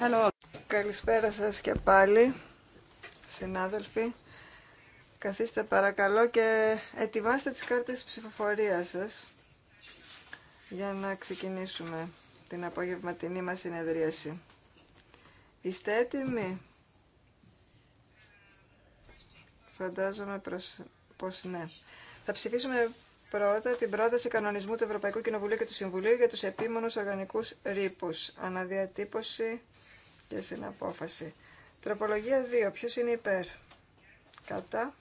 Hello. Καλησπέρα σας και πάλι, συνάδελφοι. Καθίστε παρακαλώ και ετοιμάστε τις κάρτες ψηφοφορίας σας για να ξεκινήσουμε την απογευματινή μας συνεδρίαση. Είστε έτοιμοι? Φαντάζομαι προς... πως ναι. Θα ψηφίσουμε πρώτα την πρόταση κανονισμού του Ευρωπαϊκού Κοινοβουλίου και του Συμβουλίου για τους επίμονους οργανικούς ρήπους. Αναδιατύπωση και απόφαση. Τροπολογία 2. Ποιος είναι υπέρ. Κατά.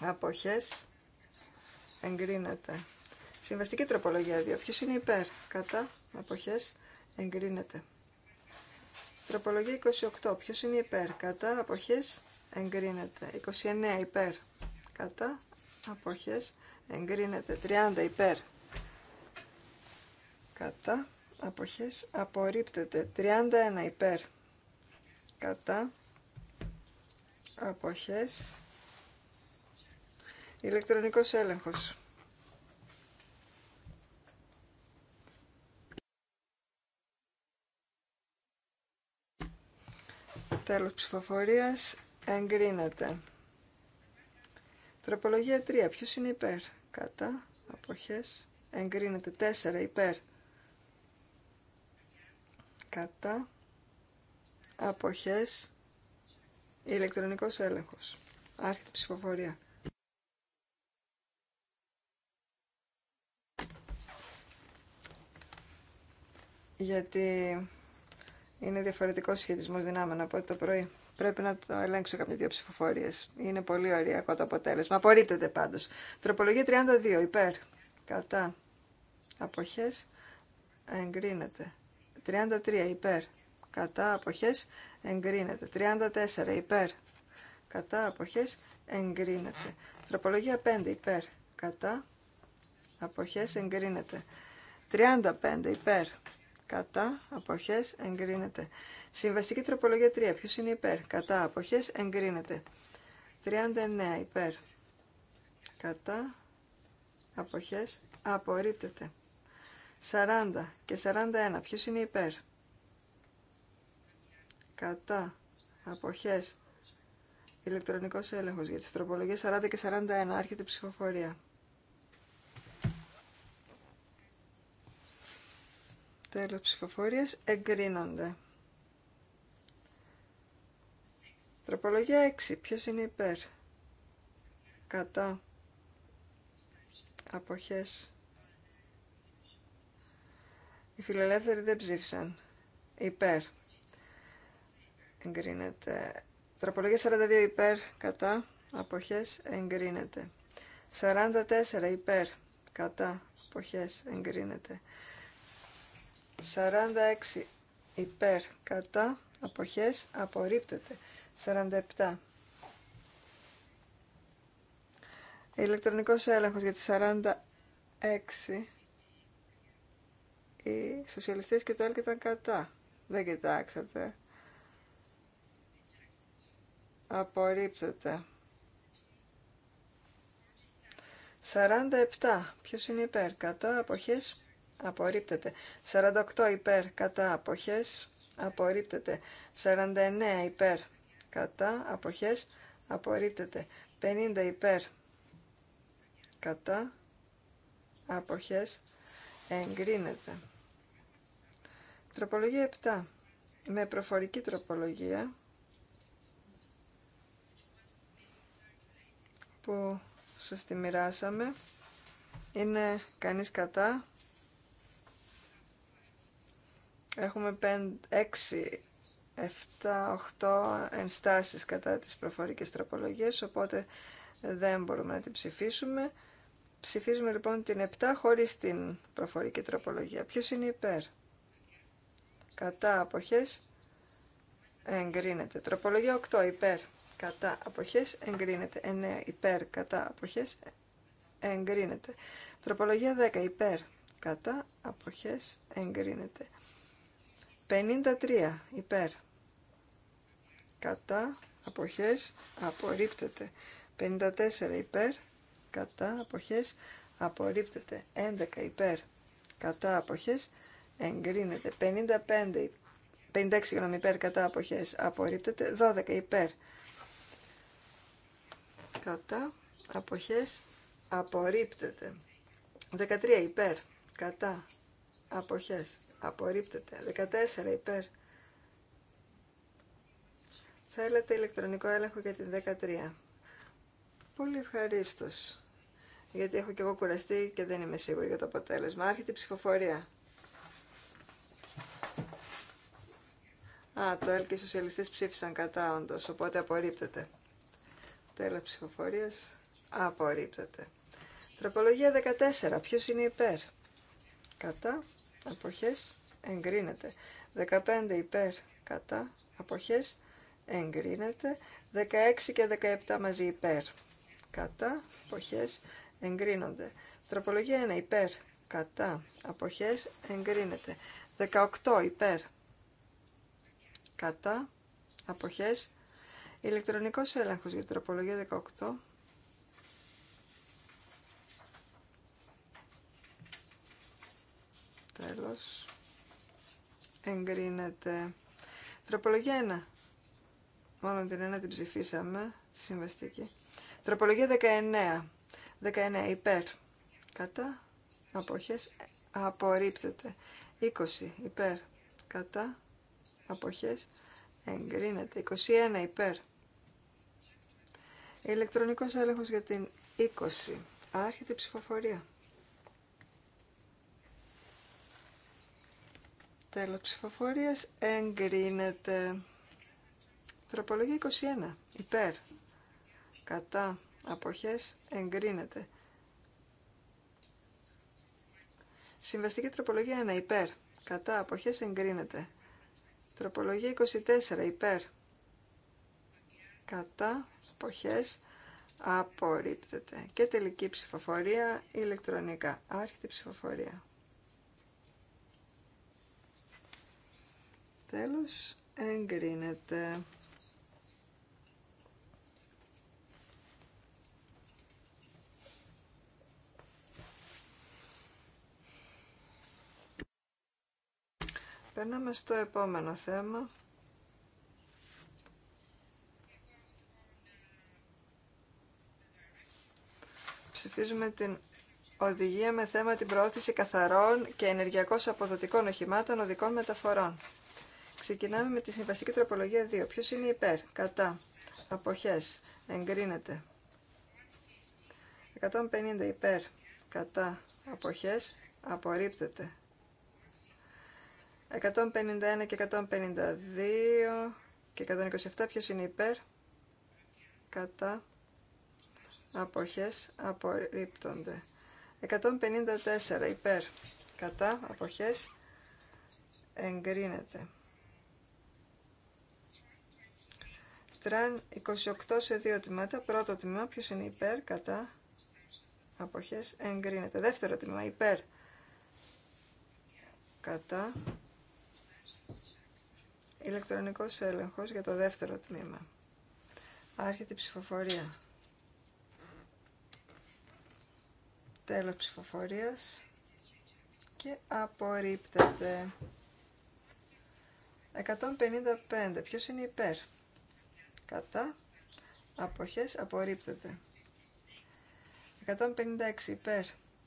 Αποχές. Εγκρίνεται. Συμβαστική τροπολογία 2. Ποιος είναι υπέρ. Κατά. Αποχές. Εγκρίνεται. Τροπολογία 28. Ποιος είναι υπέρ. Κατά. Αποχές. Εγκρίνεται. 29. Υπέρ. Κατά. Αποχές. Εγκρίνεται. 30. Υπέρ. Κατά. Αποχές. Απορρίπτεται. 31. Υπέρ κατά αποχές ηλεκτρονικός έλεγχος τέλος ψηφοφορίας εγκρίνεται τροπολογία 3 ποιος είναι υπέρ κατά αποχές εγκρίνεται 4 υπέρ κατά αποχές ηλεκτρονικός έλεγχος. Άρχεται ψηφοφορία. Γιατί είναι διαφορετικό σχετισμός δυνάμεων από το πρωί. Πρέπει να το ελέγξω κάποια δύο ψηφοφορίε. Είναι πολύ ωριακό το αποτέλεσμα. Απορρίπτεται πάντω. Τροπολογία 32. Υπέρ. Κατά. Αποχέ. Εγκρίνεται. 33. Υπέρ κατά αποχές εγκρίνεται. 34 υπέρ κατά αποχές εγκρίνεται. Τροπολογία 5 υπέρ κατά αποχές εγκρίνεται. 35 υπέρ κατά αποχές εγκρίνεται. Συμβαστική τροπολογία 3 ποιος είναι υπέρ κατά αποχές εγκρίνεται. 39 υπέρ κατά αποχές απορρίπτεται. 40 και 41 ποιος είναι υπέρ κατά, αποχές, ηλεκτρονικός έλεγχος για τις τροπολογίες 40 και 41, άρχεται η ψηφοφορία. Τέλος ψηφοφορίας, εγκρίνονται. Τροπολογία 6, ποιος είναι υπέρ, κατά, αποχές. Οι φιλελεύθεροι δεν ψήφισαν. Υπέρ εγκρίνεται. Τροπολογία 42 υπέρ, κατά, αποχές, εγκρίνεται. 44 υπέρ, κατά, αποχές, εγκρίνεται. 46 υπέρ, κατά, αποχές, απορρίπτεται. 47. Ηλεκτρονικός έλεγχος για τι 46. Οι σοσιαλιστές και το έλκυ ήταν κατά. Δεν κοιτάξατε. Απορρίπτεται. 47. Ποιος είναι υπέρ, κατά, αποχές, απορρίπτεται. 48 υπέρ, κατά, αποχές, απορρίπτεται. 49 υπέρ, κατά, αποχές, απορρίπτεται. 50 υπέρ, κατά, αποχές, εγκρίνεται. Τροπολογία 7. Με προφορική τροπολογία που σας τη μοιράσαμε. Είναι κανείς κατά. Έχουμε 5, 6, 7, 8 ενστάσεις κατά τις προφορικές τροπολογίες, οπότε δεν μπορούμε να την ψηφίσουμε. Ψηφίζουμε λοιπόν την 7 χωρίς την προφορική τροπολογία. Ποιος είναι υπέρ. Κατά αποχές εγκρίνεται. Τροπολογία 8 υπέρ κατά αποχές εγκρίνεται. 9 υπέρ κατά αποχές εγκρίνεται. Τροπολογία 10 υπέρ κατά αποχές εγκρίνεται. 53 υπέρ κατά αποχές απορρίπτεται. 54 υπέρ κατά αποχές απορρίπτεται. 11 υπέρ κατά αποχές εγκρίνεται. 55 56 υπέρ κατά αποχές απορρίπτεται, 12 υπέρ κατά αποχές απορρίπτεται. 13 υπέρ κατά αποχές απορρίπτεται. 14 υπέρ Θέλετε ηλεκτρονικό έλεγχο για την 13. Πολύ ευχαρίστω. Γιατί έχω και εγώ κουραστεί και δεν είμαι σίγουρη για το αποτέλεσμα. Άρχεται η ψηφοφορία. Α, το ΕΛ και οι σοσιαλιστές ψήφισαν κατά όντως, οπότε απορρίπτεται. Τέλος ψηφοφορίας. Απορρίπτεται. Τροπολογία 14. Ποιος είναι υπέρ. Κατά. Αποχές. Εγκρίνεται. 15 υπέρ. Κατά. Αποχές. Εγκρίνεται. 16 και 17 μαζί υπέρ. Κατά. Αποχές. Εγκρίνονται. Τροπολογία 1 υπέρ. Κατά. Αποχές. Εγκρίνεται. 18 υπέρ. Κατά. Αποχές. Ηλεκτρονικός έλεγχος για τροπολογία 18. Τέλος. Εγκρίνεται. Τροπολογία 1. Μόνο την ένα την ψηφίσαμε, τη συμβαστική. Τροπολογία 19. 19 υπέρ. Κατά. Αποχές. Απορρίπτεται. 20 υπέρ. Κατά. Αποχές. Εγκρίνεται. 21 υπέρ. Ηλεκτρονικός έλεγχος για την 20. Άρχεται η ψηφοφορία. Τέλος ψηφοφορίας εγκρίνεται. Τροπολογία 21. Υπέρ. Κατά. Αποχές εγκρίνεται. Συμβαστική τροπολογία 1. Υπέρ. Κατά. Αποχές εγκρίνεται. Τροπολογία 24. Υπέρ. Κατά. Εποχές απορρίπτεται. Και τελική ψηφοφορία ηλεκτρονικά. τη ψηφοφορία. Τέλος, εγκρίνεται. Περνάμε στο επόμενο θέμα. ψηφίζουμε την οδηγία με θέμα την προώθηση καθαρών και ενεργειακώς αποδοτικών οχημάτων οδικών μεταφορών. Ξεκινάμε με τη συμβαστική τροπολογία 2. Ποιος είναι υπέρ, κατά, αποχές, εγκρίνεται. 150 υπέρ, κατά, αποχές, απορρίπτεται. 151 και 152 και 127 ποιος είναι υπέρ, κατά, αποχές απορρίπτονται. 154 υπέρ κατά αποχές εγκρίνεται. Τραν 28 σε δύο τμήματα. Πρώτο τμήμα ποιο είναι υπέρ κατά αποχές εγκρίνεται. Δεύτερο τμήμα υπέρ κατά ηλεκτρονικός έλεγχος για το δεύτερο τμήμα. Άρχεται η ψηφοφορία. Τέλος ψηφοφορία Και απορρίπτεται. 155. Ποιος είναι υπέρ. Κατά. Αποχές απορρίπτεται. 156 υπέρ.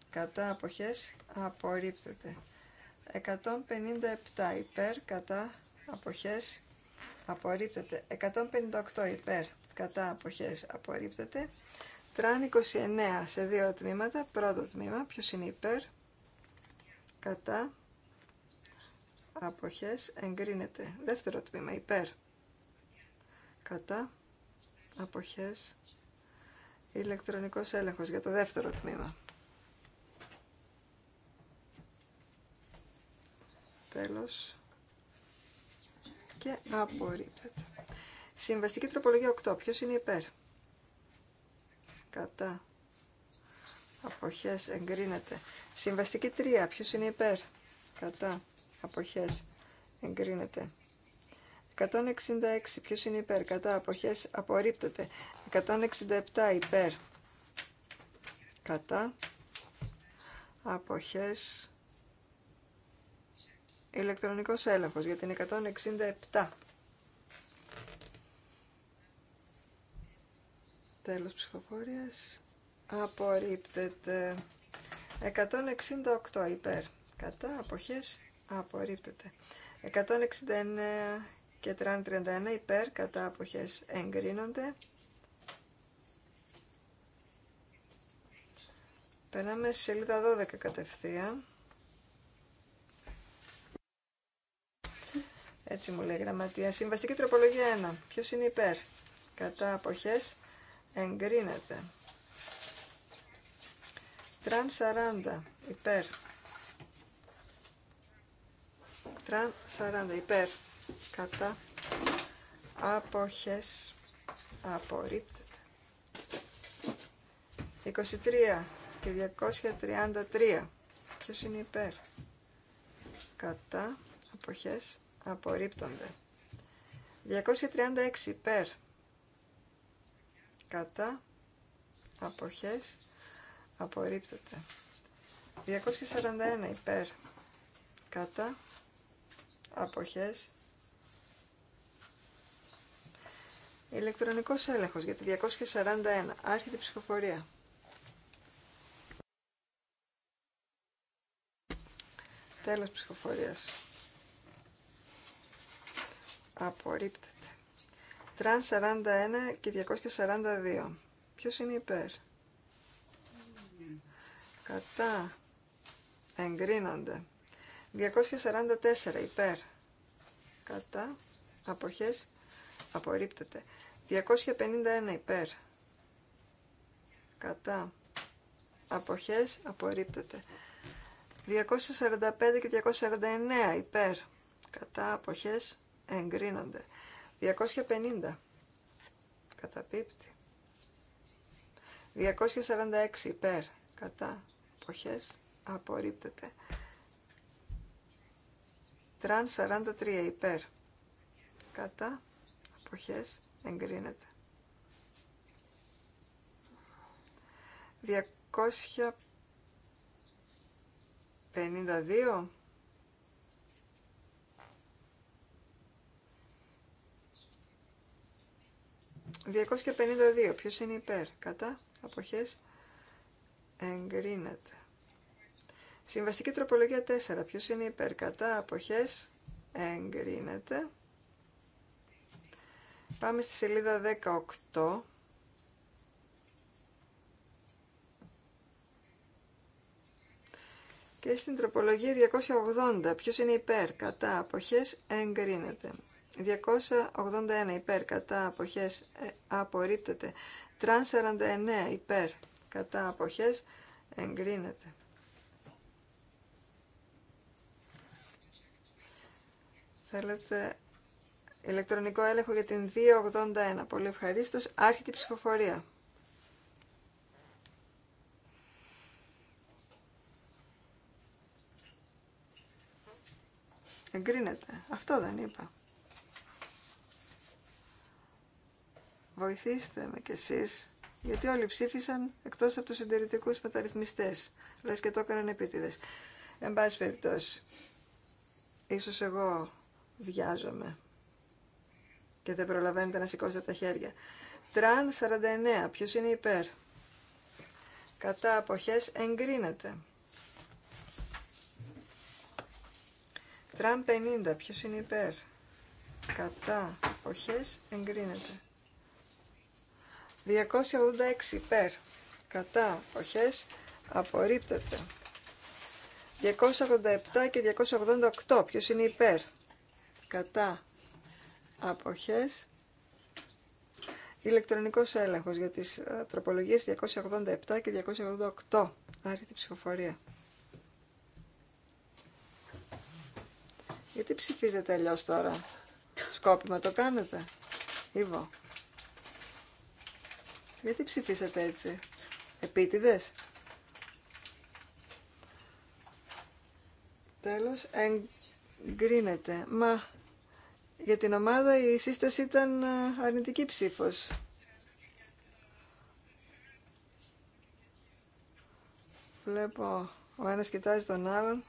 Κατά αποχές απορρίπτεται. 157 υπέρ. Κατά αποχές απορρίπτεται. 158 υπέρ. Κατά αποχές απορρίπτεται. Τραν 29 σε δύο τμήματα. Πρώτο τμήμα, ποιο είναι υπέρ, κατά, αποχές, εγκρίνεται. Δεύτερο τμήμα, υπέρ, κατά, αποχές, ηλεκτρονικός έλεγχος για το δεύτερο τμήμα. Τέλος. Και απορρίπτεται. Συμβαστική τροπολογία 8. Ποιος είναι υπέρ κατά αποχές εγκρίνεται. Συμβαστική 3. Ποιος είναι υπέρ. Κατά. Αποχές. Εγκρίνεται. 166. Ποιος είναι υπέρ. Κατά. Αποχές. Απορρίπτεται. 167. Υπέρ. Κατά. Αποχές. Ηλεκτρονικός έλεγχος για την 167. Τέλος ψηφοφορίας. Απορρίπτεται. 168 υπέρ. Κατά αποχές απορρίπτεται. 169 και 31 υπέρ κατά αποχές εγκρίνονται. Περνάμε στη σελίδα 12 κατευθείαν. Έτσι μου λέει η γραμματεία. Συμβαστική τροπολογία 1. Ποιος είναι υπέρ. Κατά αποχές εγκρίνεται. Τραν 40 υπέρ. Τραν 40 υπέρ. Κατά αποχές απορρίπτεται. 23 και 233. Ποιος είναι υπέρ. Κατά αποχές απορρίπτονται. 236 υπέρ κατά αποχές απορρίπτεται 241 υπέρ κατά αποχές ηλεκτρονικός έλεγχος για τη 241 άρχεται η ψηφοφορία τέλος ψηφοφορίας απορρίπτεται Τραν 41 και 242. Ποιος είναι υπέρ. Κατά. Εγκρίνονται. 244 υπέρ. Κατά. Αποχές. Απορρίπτεται. 251 υπέρ. Κατά. Αποχές. Απορρίπτεται. 245 και 249 υπέρ. Κατά. Αποχές. Εγκρίνονται. 250. Καταπίπτει. 246 υπέρ. Κατά. εποχές Απορρίπτεται. Τραν 43 υπέρ. Κατά. εποχές Εγκρίνεται. 252 252. Ποιος είναι υπέρ. Κατά. Αποχές. Εγκρίνεται. Συμβαστική τροπολογία 4. Ποιος είναι υπέρ. Κατά. Αποχές. Εγκρίνεται. Πάμε στη σελίδα 18. Και στην τροπολογία 280. Ποιος είναι υπέρ. Κατά. Αποχές. Εγκρίνεται. 281 υπέρ κατά αποχές ε, απορρίπτεται. Τραν 49 υπέρ κατά αποχές εγκρίνεται. Θέλετε ηλεκτρονικό έλεγχο για την 281. Πολύ ευχαρίστως. Άρχεται η ψηφοφορία. Εγκρίνεται. Αυτό δεν είπα. Βοηθήστε με κι εσείς, γιατί όλοι ψήφισαν εκτός από τους συντηρητικού μεταρρυθμιστές. Λες και το έκαναν επίτηδες. Εν πάση περιπτώσει, ίσως εγώ βιάζομαι και δεν προλαβαίνετε να σηκώσετε τα χέρια. Τραν 49, ποιος είναι υπέρ. Κατά αποχές εγκρίνεται. Τραν 50, ποιος είναι υπέρ. Κατά αποχές εγκρίνεται. 286 υπέρ. Κατά αποχές απορρίπτεται. 287 και 288. Ποιος είναι υπέρ. Κατά αποχές. Ηλεκτρονικός έλεγχος για τις ε, τροπολογίες 287 και 288. Άρχεται ψηφοφορία. Γιατί ψηφίζετε αλλιώ τώρα. Σκόπιμα το κάνετε. Ήβο. Γιατί ψηφίσατε έτσι. Επίτηδες. Τέλος, εγκρίνεται. Μα για την ομάδα η σύσταση ήταν ε, αρνητική ψήφος. Βλέπω, ο ένας κοιτάζει τον άλλον.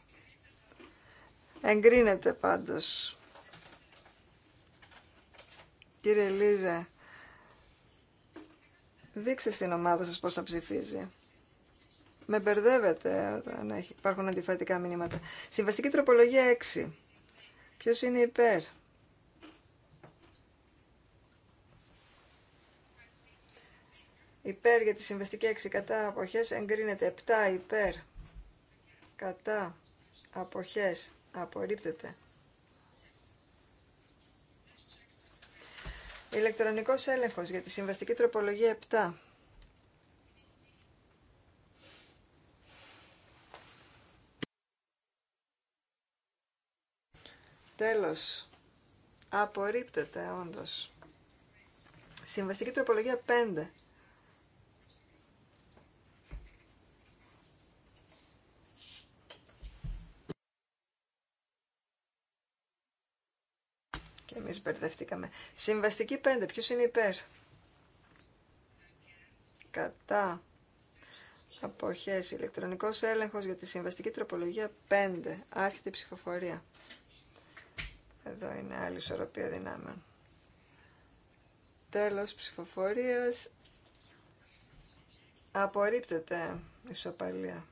Εγκρίνεται πάντως. Κύριε Λίζα, Δείξτε στην ομάδα σας πώς θα ψηφίζει. Με μπερδεύετε όταν υπάρχουν αντιφατικά μηνύματα. Συμβαστική τροπολογία 6. Ποιος είναι υπέρ. Υπέρ για τη συμβαστική 6 κατά αποχές εγκρίνεται. 7 υπέρ κατά αποχές απορρίπτεται. Ηλεκτρονικός έλεγχος για τη συμβαστική τροπολογία 7. Τέλος. Απορρίπτεται όντως. Συμβαστική τροπολογία 5. εμείς Συμβαστική 5, ποιος είναι υπέρ. Κατά. Αποχές. Ηλεκτρονικός έλεγχος για τη συμβαστική τροπολογία 5. Άρχεται η ψηφοφορία. Εδώ είναι άλλη ισορροπία δυνάμεων. Τέλος ψηφοφορίας. Απορρίπτεται ισοπαλία.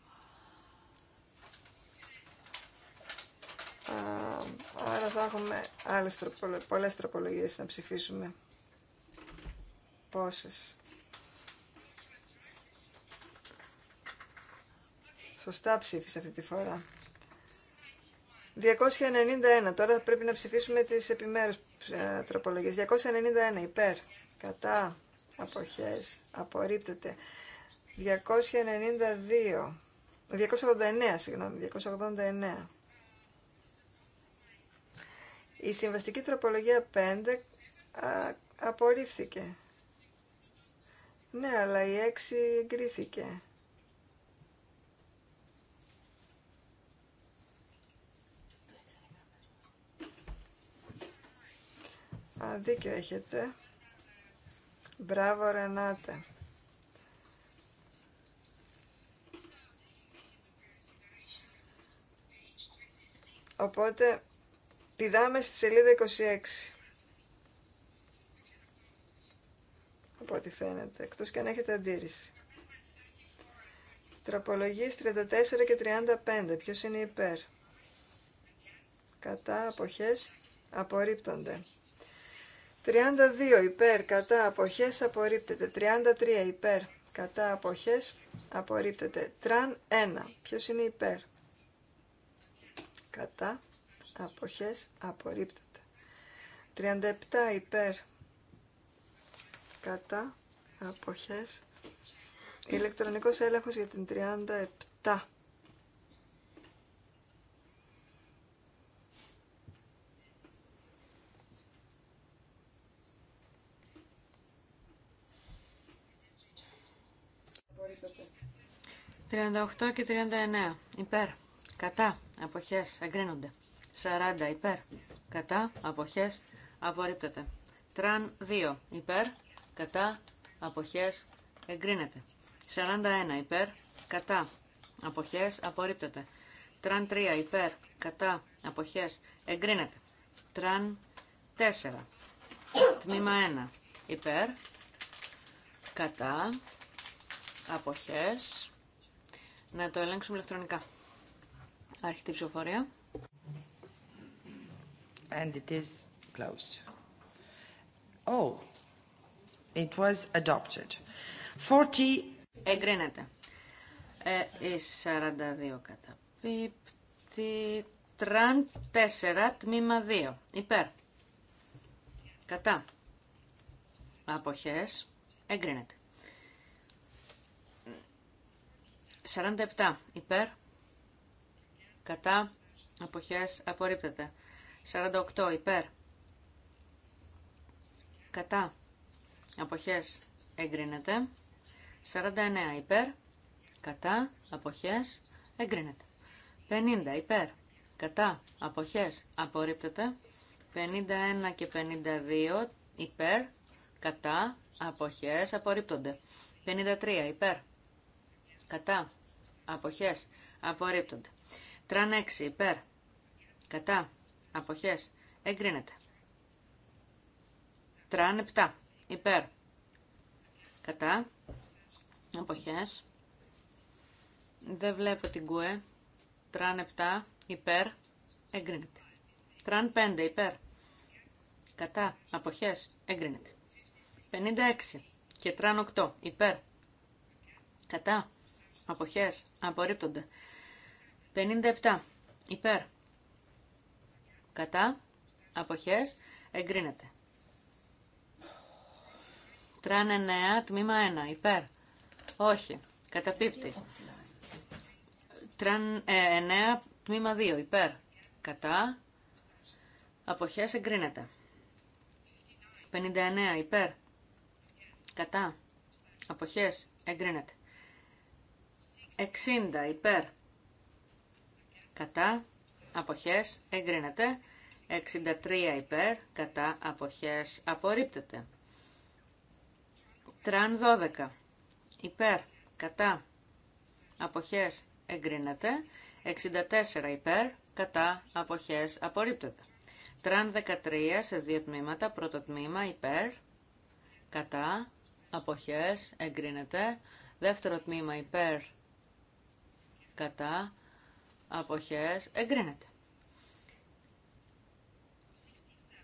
άρα θα έχουμε άλλες τροπολο... πολλές τροπολογίες να ψηφίσουμε. Πόσες. Σωστά ψήφισε αυτή τη φορά. 291. Τώρα πρέπει να ψηφίσουμε τις επιμέρους ε, τροπολογίες. 291. Υπέρ. Κατά. Αποχές. Απορρίπτεται. 292. 289, συγγνώμη. 289. Η συμβαστική τροπολογία 5 απορρίφθηκε. Ναι, αλλά η 6 εγκρίθηκε. Α, δίκιο έχετε. Μπράβο, Ρενάτε. Οπότε, Πηδάμε στη σελίδα 26. Από ό,τι φαίνεται, εκτός και αν έχετε αντίρρηση. Τροπολογίες 34 και 35. Ποιος είναι υπέρ. Κατά αποχές απορρίπτονται. 32 υπέρ κατά αποχές απορρίπτεται. 33 υπέρ κατά αποχές απορρίπτεται. Τραν 1. Ποιος είναι υπέρ. Κατά αποχές απορρίπτεται. 37 υπέρ κατά αποχές ηλεκτρονικός έλεγχος για την 37 38 και 39 υπέρ κατά αποχές εγκρίνονται 40 υπέρ. Κατά αποχές απορρίπτεται. Τραν 2 υπέρ. Κατά αποχές εγκρίνεται. 41 υπέρ. Κατά αποχές απορρίπτεται. Τραν 3 υπέρ. Κατά αποχές εγκρίνεται. Τραν 4. Τμήμα 1 υπέρ. Κατά αποχές. Να το ελέγξουμε ηλεκτρονικά. Άρχεται η ψηφοφορία and it is closed. Oh, it was adopted. 40... Εγκρίνεται. Ε, η 42 καταπίπτη. Τραν 4, τμήμα 2. Υπέρ. Κατά. Αποχές. Εγκρίνεται. 47. Υπέρ. Κατά. Αποχές. Απορρίπτεται. 48 υπέρ. Κατά. Αποχές εγκρίνεται. 49 υπέρ. Κατά. Αποχές εγκρίνεται. 50 υπέρ. Κατά. Αποχές απορρίπτεται. 51 και 52 υπέρ. Κατά. Αποχές απορρίπτονται. 53 υπέρ. Κατά. Αποχές απορρίπτονται. 36 6 υπέρ. Κατά. Αποχές. Εγκρίνεται. Τραν 7. Υπέρ. Κατά. Αποχές. Δεν βλέπω την κουέ. Τραν 7. Υπέρ. Εγκρίνεται. Τραν 5. Υπέρ. Κατά. Αποχές. Εγκρίνεται. 56. Και τραν 8. Υπέρ. Κατά. Αποχές. Απορρίπτονται. 57. Υπέρ. Κατά. Αποχές. Εγκρίνεται. Τραν 9, τμήμα 1. Υπέρ. Όχι. Καταπίπτει. Τραν 9, ε, τμήμα 2. Υπέρ. Κατά. Αποχές εγκρίνεται. 59. Υπέρ. Κατά. Αποχές εγκρίνεται. 60. Υπέρ. Κατά. Αποχές εγκρίνεται. 63 υπέρ, κατά αποχές απορρίπτεται. Τραν 12 υπέρ, κατά αποχές εγκρίνεται. 64 υπέρ, κατά αποχές απορρίπτεται. Τραν 13 σε δύο τμήματα, πρώτο τμήμα υπέρ, κατά αποχές εγκρίνεται. Δεύτερο τμήμα υπέρ, κατά αποχές εγκρίνεται.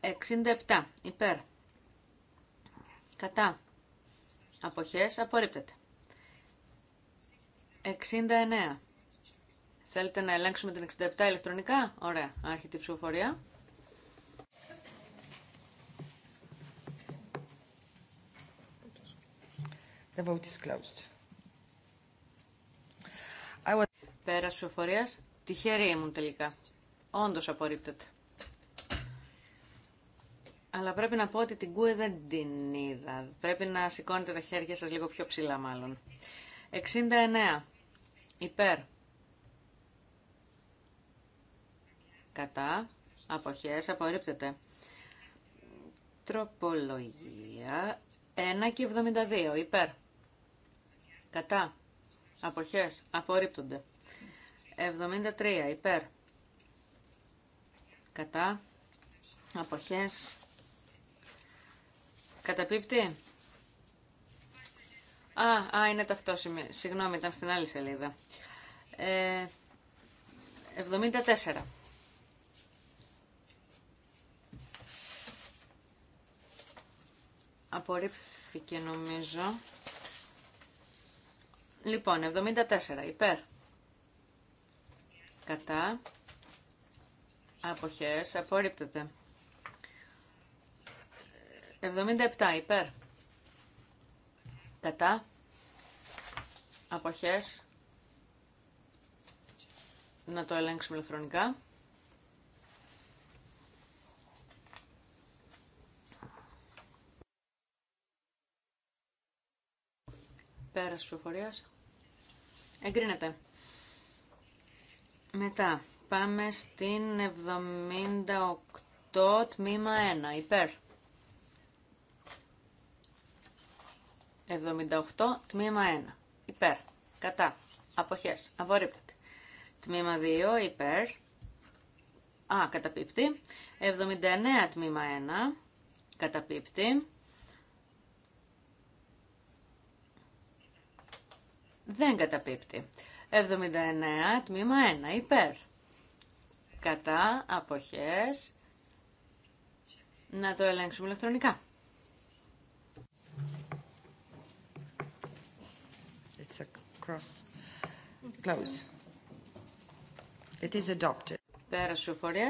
67 υπέρ. Κατά. Αποχές απορρίπτεται. 69. Θέλετε να ελέγξουμε την 67 ηλεκτρονικά. Ωραία. Άρχεται η ψηφοφορία. The vote is closed. Πέρας ψηφοφορίας. Τυχερή ήμουν τελικά. Όντως απορρίπτεται. Αλλά πρέπει να πω ότι την ΚΟΕ δεν την είδα. Πρέπει να σηκώνετε τα χέρια σας λίγο πιο ψηλά μάλλον. 69. Υπέρ. Κατά. Αποχές. Απορρίπτεται. Τροπολογία. 1 και 72. Υπέρ. Κατά. Αποχές. Απορρίπτονται. 73. Υπέρ. Κατά. Αποχές. Καταπίπτει. Α, α, είναι ταυτόσημη. Συγγνώμη, ήταν στην άλλη σελίδα. Ε, 74. Απορρίφθηκε νομίζω. Λοιπόν, 74. Υπέρ. Κατά. Αποχές. Απορρίπτεται. 77 υπέρ. Κατά. Αποχές. Να το ελέγξουμε ηλεκτρονικά. Πέρα της προφορίας. Εγκρίνεται. Μετά πάμε στην 78 τμήμα 1 υπέρ. 78, τμήμα 1. Υπέρ. Κατά. Αποχές. Απορρίπτεται. Τμήμα 2. Υπέρ. Α, καταπίπτει. 79, τμήμα 1. Καταπίπτει. Δεν καταπίπτει. 79, τμήμα 1. Υπέρ. Κατά. Αποχές. Να το ελέγξουμε ηλεκτρονικά. It's a cross close. It is adopted.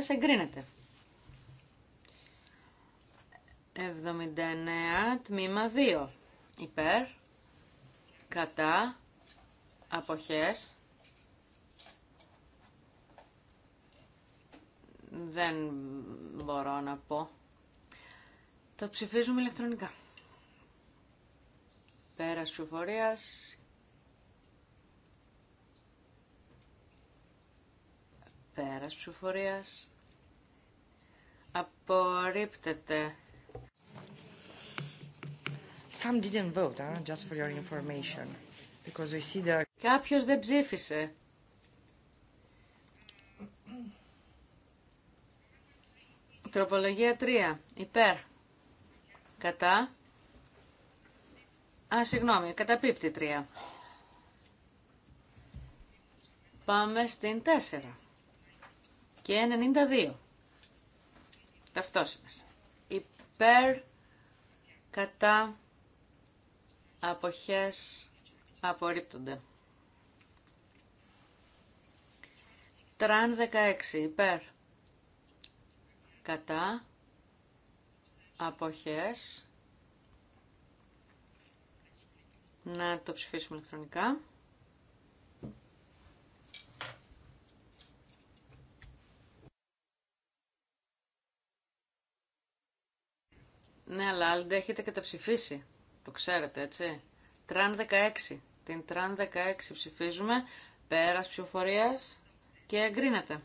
εγκρίνεται. 79 τμήμα 2. Υπέρ, κατά, αποχές. Δεν μπορώ να πω. Το ψηφίζουμε ηλεκτρονικά. Πέρας ψηφοφορίας Πέρας ψηφορία. Απορρίπτεται. Some didn't vote, huh? just for your information. Because we see the... Κάποιος δεν ψήφισε. 3. Τροπολογία 3. Υπέρ. Κατά. Α, συγγνώμη, καταπίπτει 3. Πάμε στην 4 και 92. Ταυτόσιμες. Υπέρ, κατά, αποχές, απορρίπτονται. Τραν 16. Υπέρ, κατά, αποχές, να το ψηφίσουμε ηλεκτρονικά. Ναι, αλλά άλλοι έχετε καταψηφίσει. Το ξέρετε, έτσι. Τραν 16. Την Τραν 16 ψηφίζουμε. Πέρας ψηφοφορία και εγκρίνεται.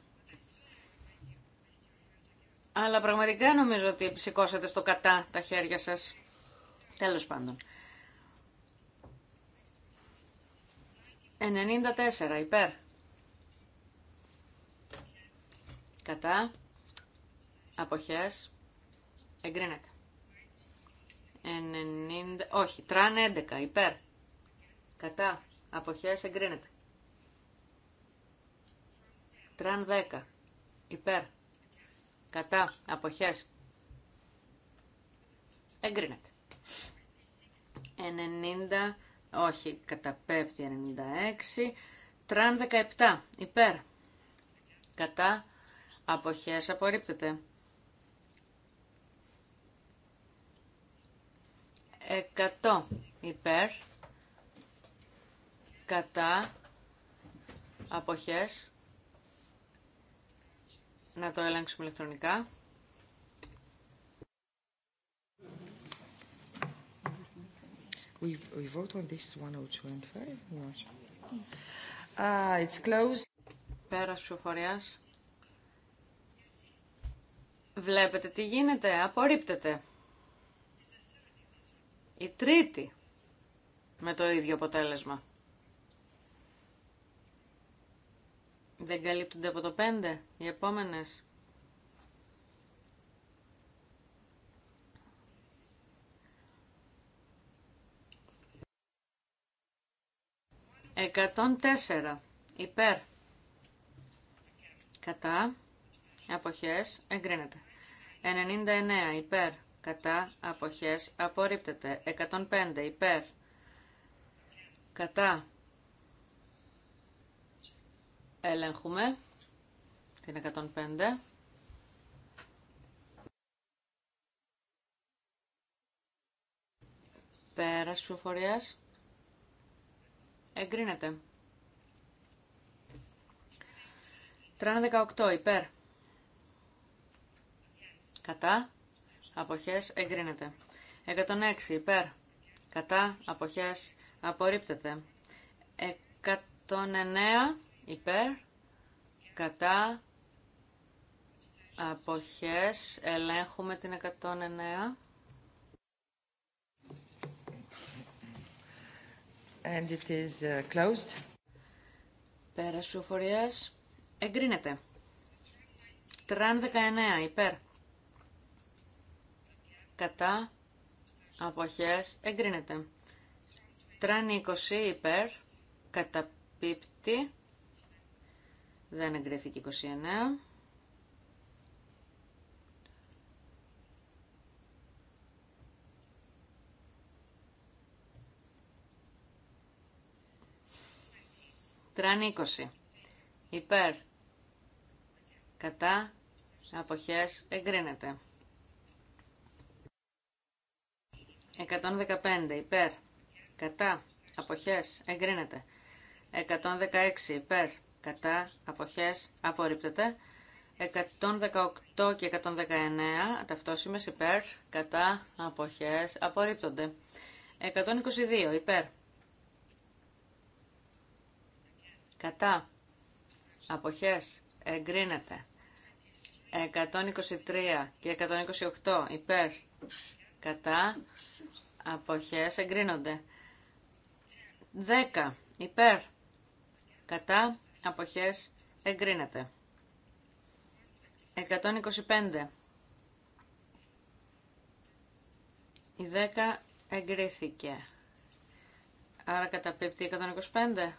Αλλά πραγματικά νομίζω ότι σηκώσατε στο κατά τα χέρια σας. Τέλος πάντων. 94 υπέρ. Κατά. Αποχές. Εγκρίνεται. 90, όχι, τραν 11, υπέρ. Κατά, αποχές εγκρίνεται. Τραν 10, υπέρ. Κατά, αποχές. Εγκρίνεται. 90, όχι, καταπέπτει 96. Τραν 17, υπέρ. Κατά, αποχές απορρίπτεται. εκατό, υπέρ, κατά, αποχές, να το ελέγξουμε ηλεκτρονικά. We, we vote on this 102 and 5. Uh, it's closed. Πέρας ψηφοφορίας. Βλέπετε τι γίνεται, απορρίπτεται. Η τρίτη με το ίδιο αποτέλεσμα. Δεν καλύπτονται από το πέντε, οι επόμενες. Εκατόν τέσσερα. Υπέρ. Κατά. Αποχές. Εγκρίνεται. Ενενήντα 99. Υπέρ κατά αποχές απορρίπτεται. 105 υπέρ κατά ελέγχουμε την 105. Πέρας ψηφοφορίας εγκρίνεται. Τράνα 18 υπέρ. Κατά αποχές εγκρίνεται. 106 υπέρ κατά αποχές απορρίπτεται. 109 υπέρ κατά αποχές ελέγχουμε την 109. And it is uh, closed. εγκρίνεται. Τραν 19 υπέρ κατά, αποχές, εγκρίνεται. Τραν 20 υπέρ, καταπίπτει, δεν εγκρίθηκε 29. Τραν 20. Υπέρ. Κατά. Αποχές. Εγκρίνεται. 115 υπέρ, κατά, αποχές, εγκρίνεται. 116 υπέρ, κατά, αποχές, απορρίπτεται. 118 και 119 ταυτόσημες υπέρ, κατά, αποχές, απορρίπτονται. 122 υπέρ, κατά, αποχές, εγκρίνεται. 123 και 128 υπέρ, κατά, αποχές εγκρίνονται. 10 υπέρ κατά αποχές εγκρίνεται. 125 Η 10 εγκρίθηκε. Άρα καταπίπτει 125.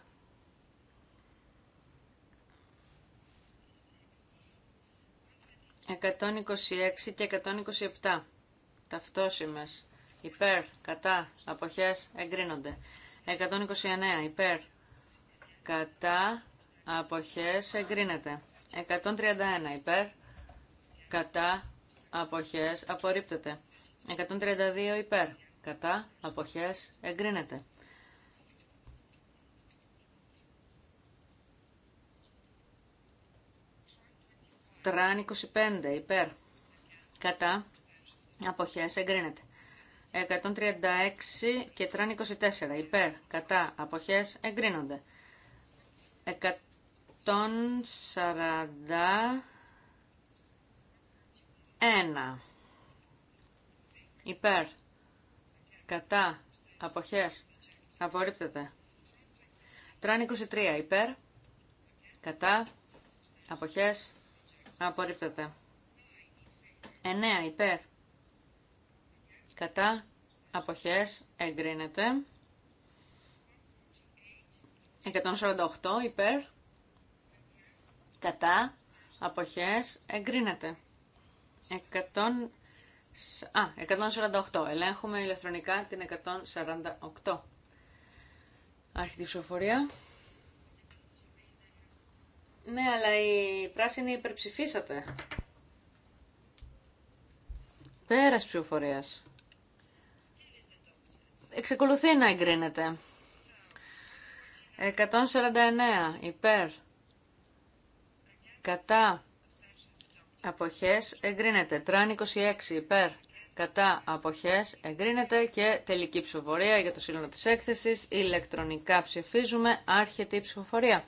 126 και 127. ταυτόσιμες υπέρ, κατά, αποχές, εγκρίνονται. 129 υπέρ, κατά, αποχές, εγκρίνεται. 131 υπέρ, κατά, αποχές, απορρίπτεται. 132 υπέρ, κατά, αποχές, εγκρίνεται. 325 υπέρ, κατά, αποχές, εγκρίνεται. 136 και τραν 24 υπέρ, κατά, αποχές εγκρίνονται. 141 υπέρ, κατά, αποχές απορρίπτεται. Τραν 23 υπέρ, κατά, αποχές απορρίπτεται. 9 υπέρ, κατά αποχές εγκρίνεται. 148 υπέρ κατά αποχές εγκρίνεται. 100... Α, 148. Ελέγχουμε ηλεκτρονικά την 148. Άρχιτη ψηφοφορία. Ναι, αλλά οι πράσινοι υπερψηφίσατε. Πέρας ψηφοφορίας εξεκολουθεί να εγκρίνεται. 149 υπέρ κατά αποχές εγκρίνεται. Τραν 26 υπέρ κατά αποχές εγκρίνεται και τελική ψηφοφορία για το σύνολο της έκθεσης. Ηλεκτρονικά ψηφίζουμε. Άρχεται η ψηφοφορία.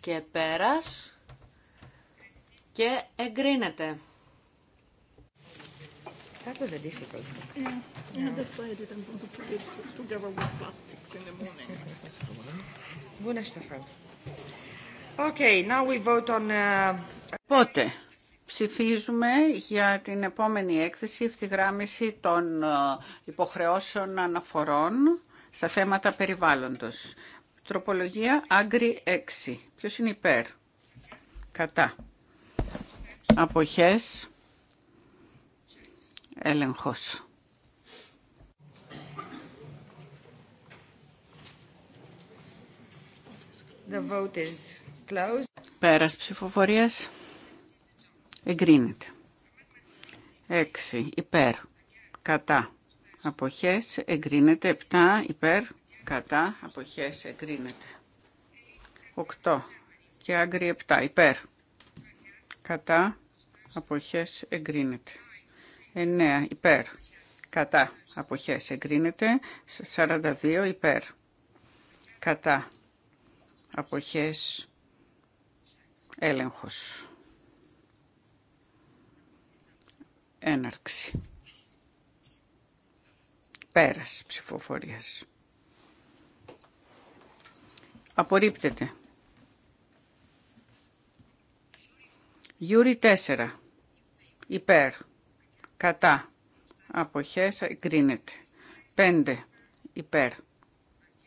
Και πέρας και εγκρίνεται. That was a difficult one. Yeah, yeah. that's why I didn't want to put it together with plastics in the morning. Bună, Ștefan. Okay, now we vote on... Uh... Πότε ψηφίζουμε για την επόμενη έκθεση ευθυγράμμιση των ε, υποχρεώσεων αναφορών στα θέματα περιβάλλοντος. Τροπολογία Άγκρι 6. Ποιος είναι υπέρ. Κατά. Αποχές έλεγχος. The vote Πέρας ψηφοφορίας εγκρίνεται. 6. Υπέρ. Κατά. Αποχές εγκρίνεται. 7. Υπέρ. Κατά. Αποχές εγκρίνεται. 8. Και άγκρι 7. Υπέρ. Κατά. Αποχές εγκρίνεται. Εννέα υπέρ. Κατά αποχές εγκρίνεται. 42 υπέρ. Κατά αποχές έλεγχος. Έναρξη. Πέρας ψηφοφορίας. Απορρίπτεται. Γιούρι 4. Υπέρ κατά, αποχές, εγκρίνεται. 5 υπέρ,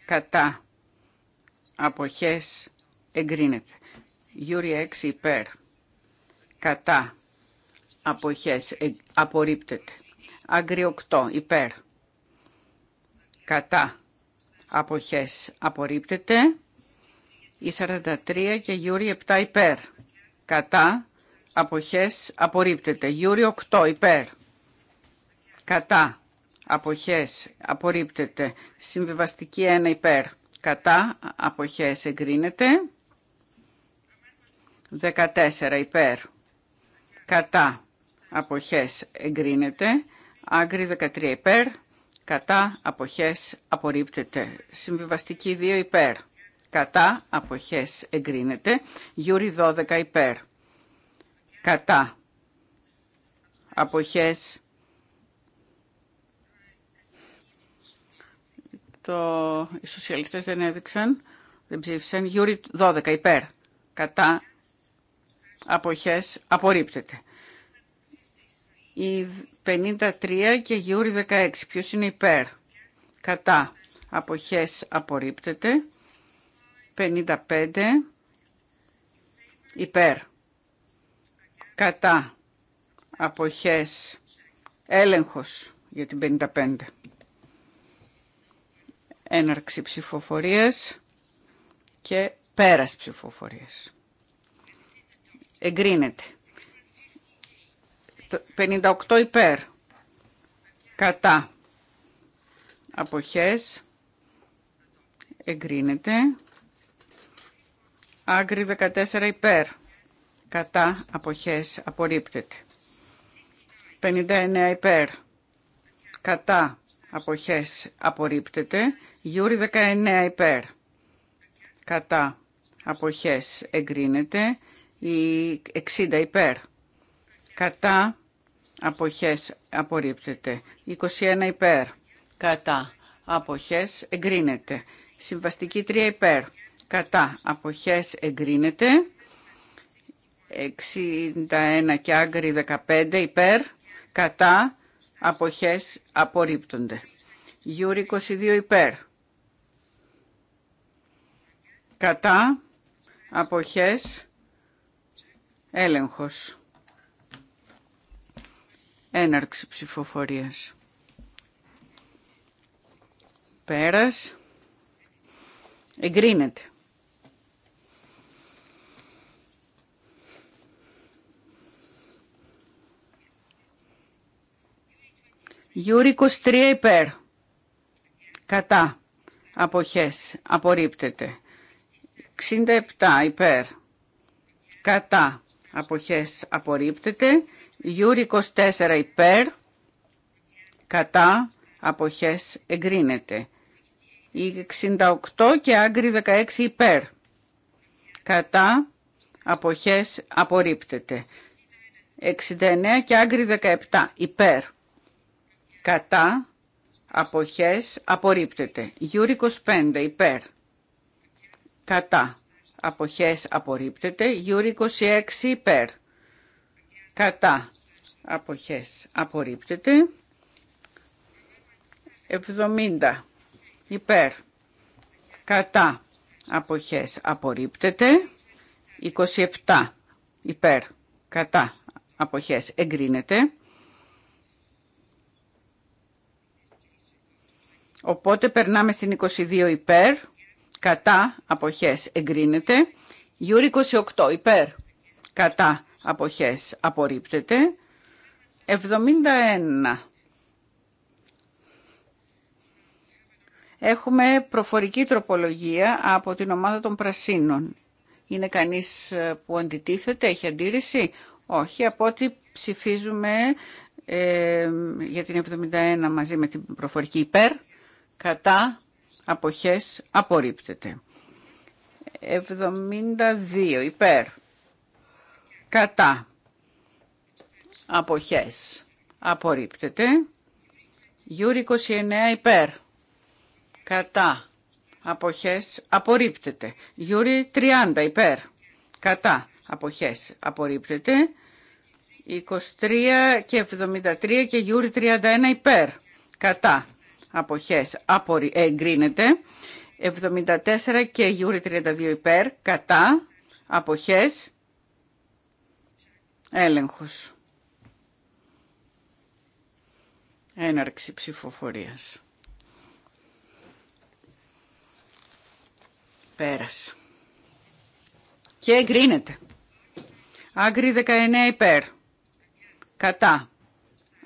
κατά, αποχές, εγκρίνεται. Γιούρι 6 υπέρ, κατά, αποχές, εγ, απορρίπτεται. Άγκρι 8 υπέρ, κατά, αποχές, απορρίπτεται. Η 43 και Γιούρι 7 υπέρ, κατά, αποχές, απορρίπτεται. Γιούρι 8 υπέρ, κατά, αποχές, απορρίπτεται. Συμβιβαστική 1 υπέρ, κατά, αποχές, εγκρίνεται. 14 υπέρ, κατά, αποχές, εγκρίνεται. Άγκρι 13 υπέρ, κατά, αποχές, απορρίπτεται. Συμβιβαστική 2 υπέρ, κατά, αποχές, εγκρίνεται. Γιούρι 12 υπέρ, κατά, αποχές, το... οι σοσιαλιστές δεν έδειξαν, δεν ψήφισαν. Γιούρι 12 υπέρ, κατά, αποχές, απορρίπτεται. Η 53 και Γιούρι 16, ποιος είναι υπέρ, κατά, αποχές, απορρίπτεται. 55 υπέρ, κατά, αποχές, έλεγχος για την 55 έναρξη ψηφοφορίας και πέρας ψηφοφορίας. Εγκρίνεται. 58 υπέρ. Κατά. Αποχές. Εγκρίνεται. Άγκρι 14 υπέρ. Κατά. Αποχές. Απορρίπτεται. 59 υπέρ. Κατά. Αποχές. Απορρίπτεται. Γιούρι 19 υπέρ. Κατά. Αποχές εγκρίνεται. Η 60 υπέρ. Κατά. Αποχές απορρίπτεται. 21 υπέρ. Κατά. Αποχές εγκρίνεται. Συμβαστική 3 υπέρ. Κατά. Αποχές εγκρίνεται. 61 και άγκρι 15 υπέρ. Κατά. Αποχές απορρίπτονται. Γιούρι 22 υπέρ κατά, αποχές, έλεγχος. Έναρξη ψηφοφορίας. Πέρας. Εγκρίνεται. Γιούρι 23 υπέρ. Κατά. Αποχές. Απορρίπτεται. 67 υπέρ. Κατά. Αποχές απορρίπτεται. Γιούρι 24 υπέρ. Κατά. Αποχές εγκρίνεται. Η 68 και άγκρι 16 υπέρ. Κατά. Αποχές απορρίπτεται. 69 και άγκρι 17 υπέρ. Κατά. Αποχές απορρίπτεται. Γιούρι 25 υπέρ κατά, αποχές απορρίπτεται, Γιούρι 26 υπέρ, κατά, αποχές απορρίπτεται, 70 υπέρ, κατά, αποχές απορρίπτεται, 27 υπέρ, κατά, αποχές εγκρίνεται, Οπότε περνάμε στην 22 υπέρ, κατά αποχές εγκρίνεται. Γιούρι 28 υπέρ κατά αποχές απορρίπτεται. 71. Έχουμε προφορική τροπολογία από την ομάδα των Πρασίνων. Είναι κανείς ε, που αντιτίθεται, έχει αντίρρηση. Όχι, από ό,τι ψηφίζουμε ε, για την 71 μαζί με την προφορική υπέρ, κατά, αποχές απορρίπτεται. 72 υπέρ κατά αποχές απορρίπτεται. Γιούρι 29 υπέρ κατά αποχές απορρίπτεται. Γιούρι 30 υπέρ κατά αποχές απορρίπτεται. 23 και 73 και Γιούρι 31 υπέρ κατά αποχές απορι, εγκρίνεται. 74 και Γιούρι 32 υπέρ, κατά, αποχές, έλεγχος. Έναρξη ψηφοφορίας. Πέρας. Και εγκρίνεται. Άγκρι 19 υπέρ. Κατά.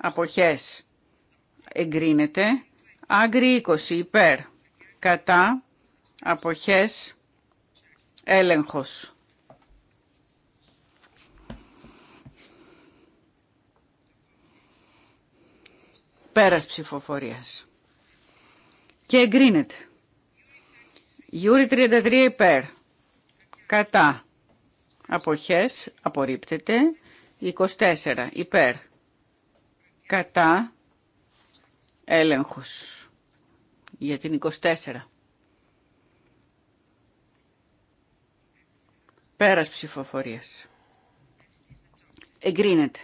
Αποχές. Εγκρίνεται. Άγκρι 20 υπέρ. Κατά. Αποχές. Έλεγχος. Πέρας ψηφοφορίας. Και εγκρίνεται. Γιούρι 33 υπέρ. Κατά. Αποχές. Απορρίπτεται. 24 υπέρ. Κατά. Έλεγχος για την 24. Πέρας ψηφοφορίας. Εγκρίνεται.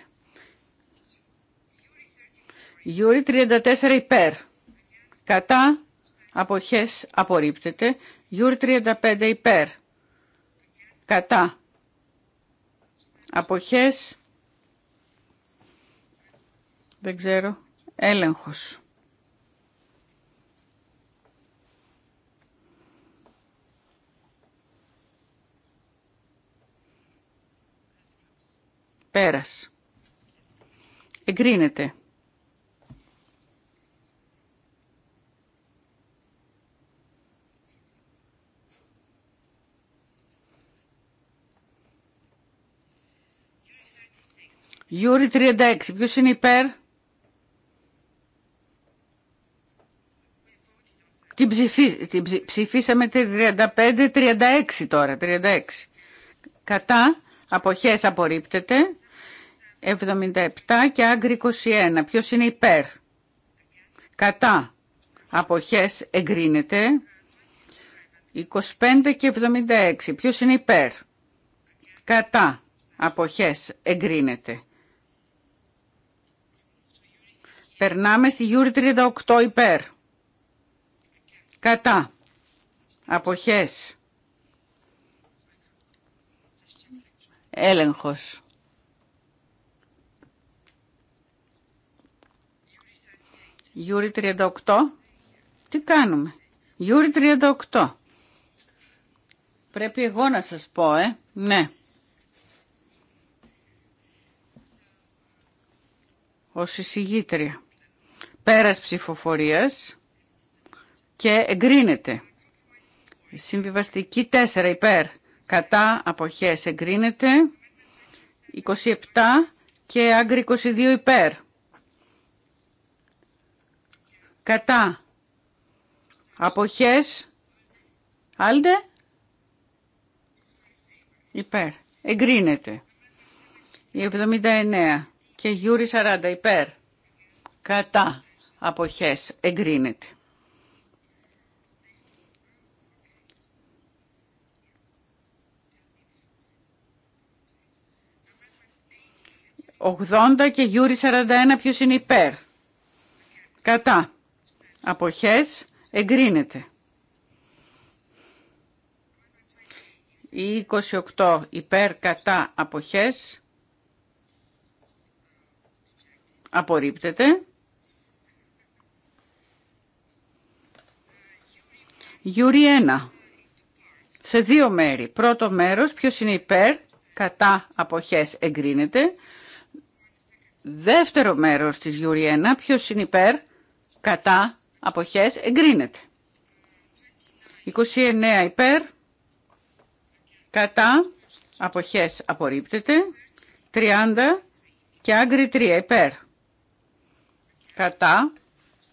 Γιούρι 34 υπέρ. Κατά αποχές απορρίπτεται. Γιούρι 35 υπέρ. Κατά αποχές δεν ξέρω έλεγχος. Πέρας. Εγκρίνεται. 36. Ποιος είναι υπέρ? Την, ψηφί... Την ψηφίσαμε 35, 36 τώρα, 36. Κατά, αποχές απορρίπτεται. 77 και άγκρι 21. Ποιος είναι υπέρ. Κατά. Αποχές εγκρίνεται. 25 και 76. Ποιος είναι υπέρ. Κατά. Αποχές εγκρίνεται. Περνάμε στη Γιούρι 38 υπέρ. Κατά. Αποχές. Έλεγχος. Γιούρι 38. Τι κάνουμε. Γιούρι 38. Πρέπει εγώ να σας πω, ε. Ναι. Ως εισηγήτρια. Πέρας ψηφοφορίας και εγκρίνεται. Συμβιβαστική 4 υπέρ. Κατά αποχές εγκρίνεται. 27 και άγκρι 22 υπέρ. Κατά. Αποχές. άλτε, Υπέρ. Εγκρίνεται. Η 79 και Γιούρι 40 υπέρ. Κατά. Αποχές. Εγκρίνεται. Ογδόντα και Γιούρι 41 ποιος είναι υπέρ. Κατά αποχές εγκρίνεται. Η 28 υπέρ κατά αποχές απορρίπτεται. Γιούρι Σε δύο μέρη. Πρώτο μέρος, ποιος είναι υπέρ, κατά αποχές εγκρίνεται. Δεύτερο μέρος της Γιούρι 1, ποιος είναι υπέρ, κατά αποχές εγκρίνεται. 29 υπέρ, κατά, αποχές απορρίπτεται. 30 και άγκρι 3 υπέρ, κατά,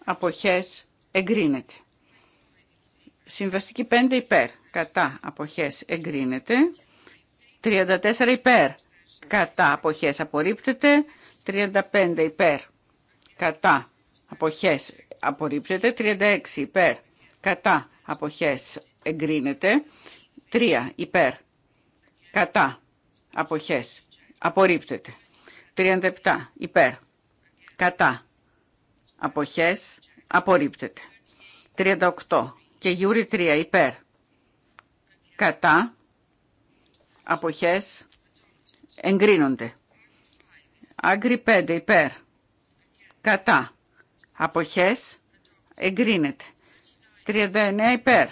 αποχές εγκρίνεται. Συμβαστική 5 υπέρ, κατά, αποχές εγκρίνεται. 34 υπέρ, κατά, αποχές απορρίπτεται. 35 υπέρ, κατά, αποχές απορρίπτεται. 36 υπέρ κατά αποχές εγκρίνεται. 3 υπέρ κατά αποχές απορρίπτεται. 37 υπέρ κατά αποχές απορρίπτεται. 38 και γιούρι 3 υπέρ κατά αποχές εγκρίνονται. Άγκρι 5 υπέρ κατά Αποχές. Εγκρίνεται. 39 υπέρ.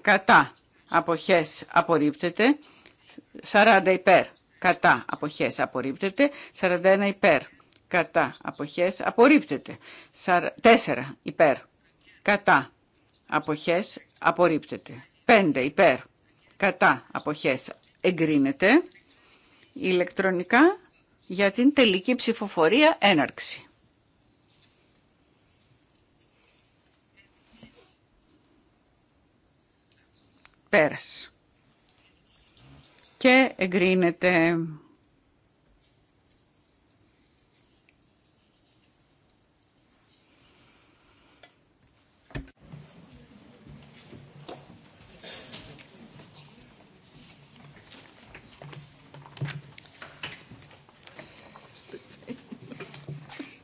Κατά. Αποχές. Απορρίπτεται. 40 υπέρ. Κατά. Αποχές. Απορρίπτεται. 41 υπέρ. Κατά. Αποχές. Απορρίπτεται. 4 υπέρ. Κατά. Αποχές. Απορρίπτεται. 5 υπέρ. Κατά. Αποχές. Εγκρίνεται ηλεκτρονικά για την τελική ψηφοφορία έναρξη. Πέρας. Και εγκρίνεται...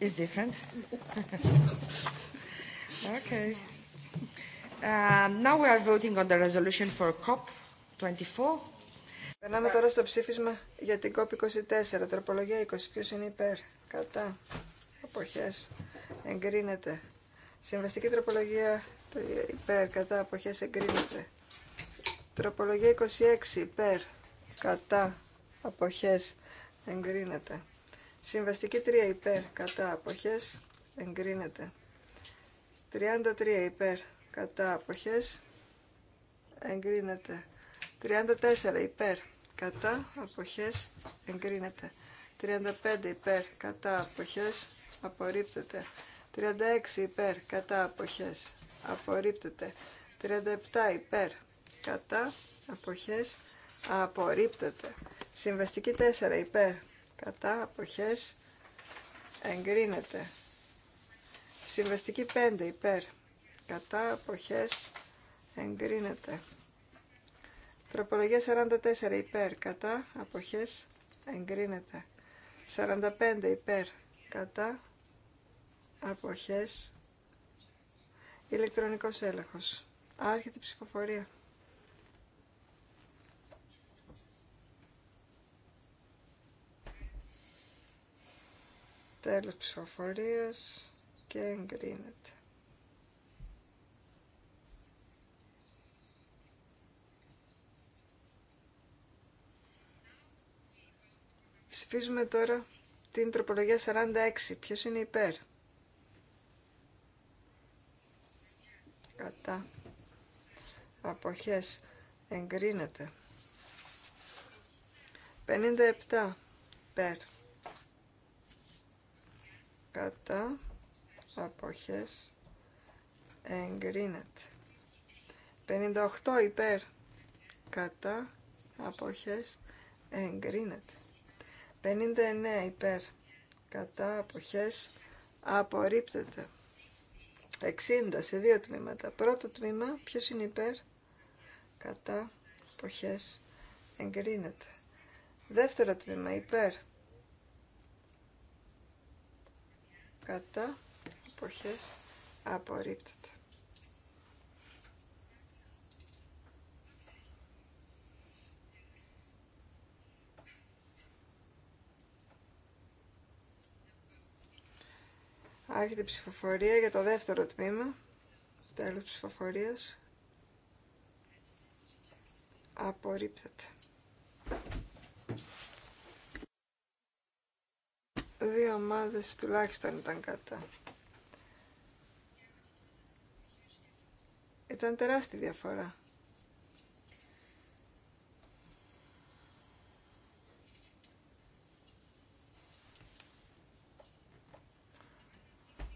is different. okay. Um, now we are voting on the resolution for COP24. Περνάμε τώρα στο ψήφισμα για την COP24, τροπολογία 20. Ποιος είναι υπέρ, κατά, αποχές, εγκρίνεται. Συμβαστική τροπολογία υπέρ, κατά, αποχές, εγκρίνεται. Τροπολογία 26, υπέρ, κατά, αποχές, εγκρίνεται. Συμβαστική 3, υπέρ, κατά, αποχές, εγκρίνεται. 33, υπέρ, κατά αποχές εγκρίνεται 34 υπέρ κατά αποχές εγκρίνεται 35 υπέρ κατά αποχές απορρίπτεται 36 υπέρ κατά αποχές απορρίπτεται 37 υπέρ κατά αποχές απορρίπτεται συμβαστική 4 υπέρ κατά αποχές εγκρίνεται συμβαστική 5 υπέρ κατά αποχές εγκρίνεται. Τροπολογία 44 υπέρ κατά αποχές εγκρίνεται. 45 υπέρ κατά αποχές ηλεκτρονικός έλεγχος. Άρχεται η ψηφοφορία. Τέλος ψηφοφορίας και εγκρίνεται. Ψηφίζουμε τώρα την τροπολογία 46. Ποιος είναι υπέρ. Κατά. Αποχές. Εγκρίνεται. 57. Περ. Κατά. Αποχές. Εγκρίνεται. 58 υπέρ. Κατά. Αποχές. Εγκρίνεται. 59 υπέρ κατά αποχές απορρίπτεται 60 σε δύο τμήματα πρώτο τμήμα ποιος είναι υπέρ κατά αποχές εγκρίνεται δεύτερο τμήμα υπέρ κατά αποχές απορρίπτεται Άρχεται η ψηφοφορία για το δεύτερο τμήμα. Τέλος ψηφοφορίας. Απορρίπτεται. Δύο ομάδες τουλάχιστον ήταν κατά. Ήταν τεράστια διαφορά.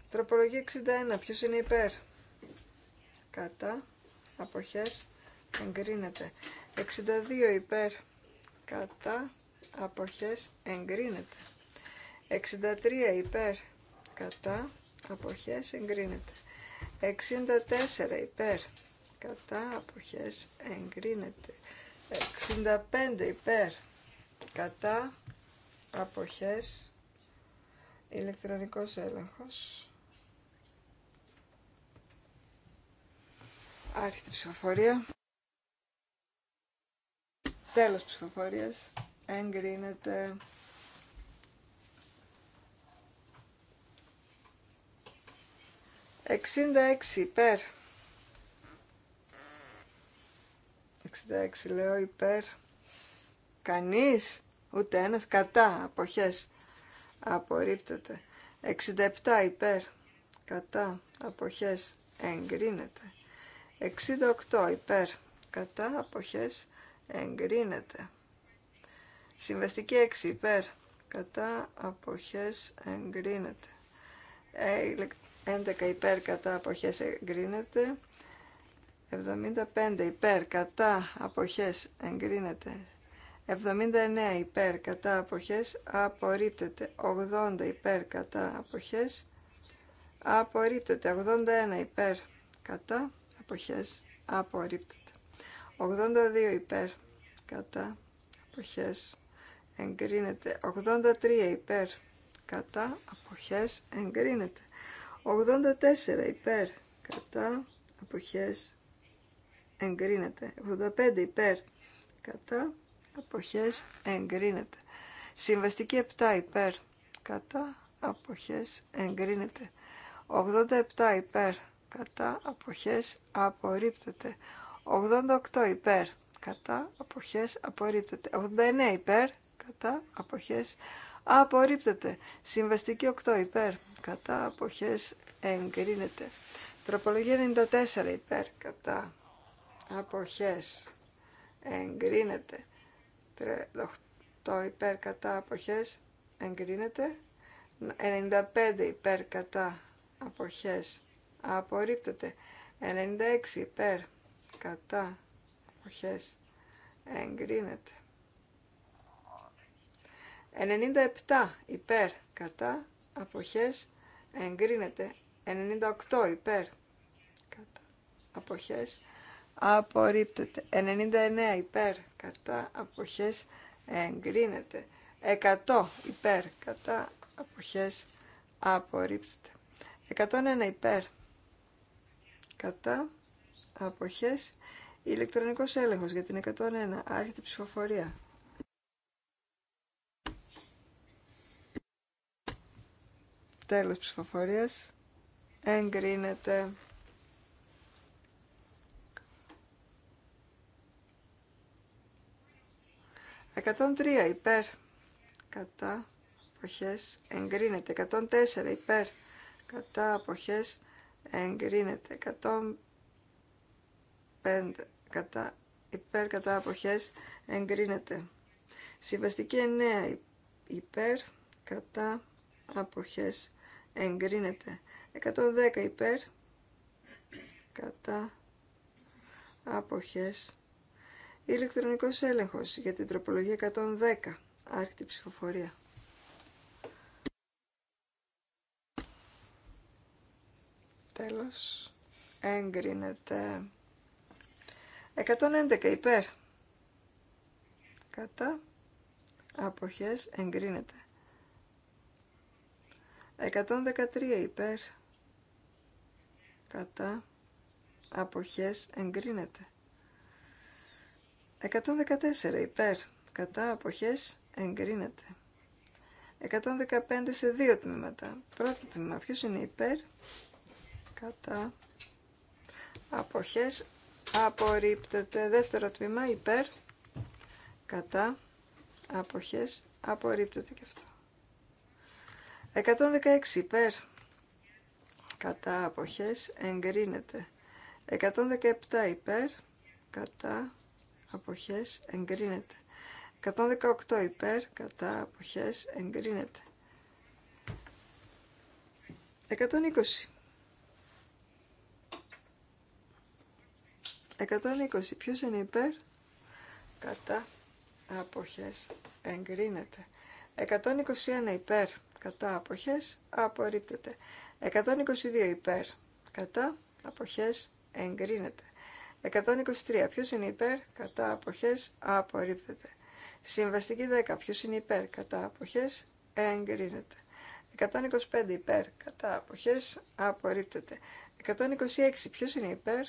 Τροπολογία 61. Ποιος είναι υπέρ. Κατά. Αποχές. Εγκρίνεται. 62 υπέρ. Κατά. Αποχές. Εγκρίνεται. 63 υπέρ. Κατά. Αποχές. Εγκρίνεται. 64 υπέρ. Κατά. Αποχές. Εγκρίνεται. 65 υπέρ. Κατά. Αποχές. Ηλεκτρονικός έλεγχος. Άρχεται ψηφοφορία. Τέλος ψηφοφορίας. Εγκρίνεται. 66 έξι υπέρ. 66 λέω υπέρ κανείς ούτε ένας κατά αποχές απορρίπτεται 67 υπέρ κατά αποχές εγκρίνεται 68 υπέρ κατά αποχές εγκρίνεται. Συμβαστική 6 υπέρ κατά αποχές εγκρίνεται. 11 ε, υπέρ κατά αποχές εγκρίνεται. 75 υπέρ κατά αποχές εγκρίνεται. 79 υπέρ κατά αποχές απορρίπτεται. 80 υπέρ κατά αποχές απορρίπτεται. 81 υπέρ κατά αποχές απορρίπτεται. 82 υπέρ κατά αποχές εγκρίνεται. 83 υπέρ κατά αποχές εγκρίνεται. 84 υπέρ κατά αποχές εγκρίνεται. 85 υπέρ κατά αποχές εγκρίνεται. Συμβαστική 7 υπέρ κατά αποχές εγκρίνεται. 87 υπέρ κατά αποχές απορρίπτεται. 88 υπέρ κατά αποχές απορρίπτεται. 89 υπέρ κατά αποχές απορρίπτεται. Συμβαστική 8 υπέρ κατά αποχές εγκρίνεται. Τροπολογία 94 υπέρ κατά αποχές εγκρίνεται. 38 υπέρ κατά αποχές εγκρίνεται. 95 υπέρ κατά αποχές απορρίπτεται 96 υπέρ κατά αποχές εγκρίνεται 97 υπέρ κατά αποχές εγκρίνεται 98 υπέρ κατά αποχές απορρίπτεται 99 υπέρ κατά αποχές εγκρίνεται 100 υπέρ κατά αποχές απορρίπτεται 101 υπέρ κατά αποχές ηλεκτρονικός έλεγχος για την 101 άρχεται ψηφοφορία τέλος ψηφοφορίας εγκρίνεται 103 υπέρ κατά αποχές εγκρίνεται. 104 υπέρ κατά αποχές εγκρίνεται 105 κατά υπέρ κατά αποχές εγκρίνεται συμβαστική 9 υπέρ κατά αποχές εγκρίνεται 110 υπέρ κατά αποχές ηλεκτρονικός έλεγχος για την τροπολογία 110 άρχιτη ψηφοφορία Έγκρινεται. 111 υπέρ. Κατά. Αποχές. Εγκρίνεται. 113 υπέρ. Κατά. Αποχές. Εγκρίνεται. 114 υπέρ. Κατά. Αποχές. Εγκρίνεται. 115 σε δύο τμήματα. Πρώτο τμήμα. Ποιος είναι υπέρ κατά αποχές απορρίπτεται δεύτερο τμήμα υπέρ κατά αποχές απορρίπτεται και αυτό 116 υπέρ κατά αποχές εγκρίνεται 117 υπέρ κατά αποχές εγκρίνεται 118 υπέρ κατά αποχές εγκρίνεται 120 120. Ποιος είναι υπέρ? Κατά αποχές εγκρίνεται. 121 υπέρ. Κατά αποχές απορρίπτεται. 122 υπέρ. Κατά αποχές εγκρίνεται. 123. Ποιος είναι υπέρ? Κατά αποχές απορρίπτεται. Συμβαστική 10. Ποιος είναι υπέρ? Κατά αποχές εγκρίνεται. 125 υπέρ. Κατά αποχές απορρίπτεται. 126. Ποιος είναι υπέρ?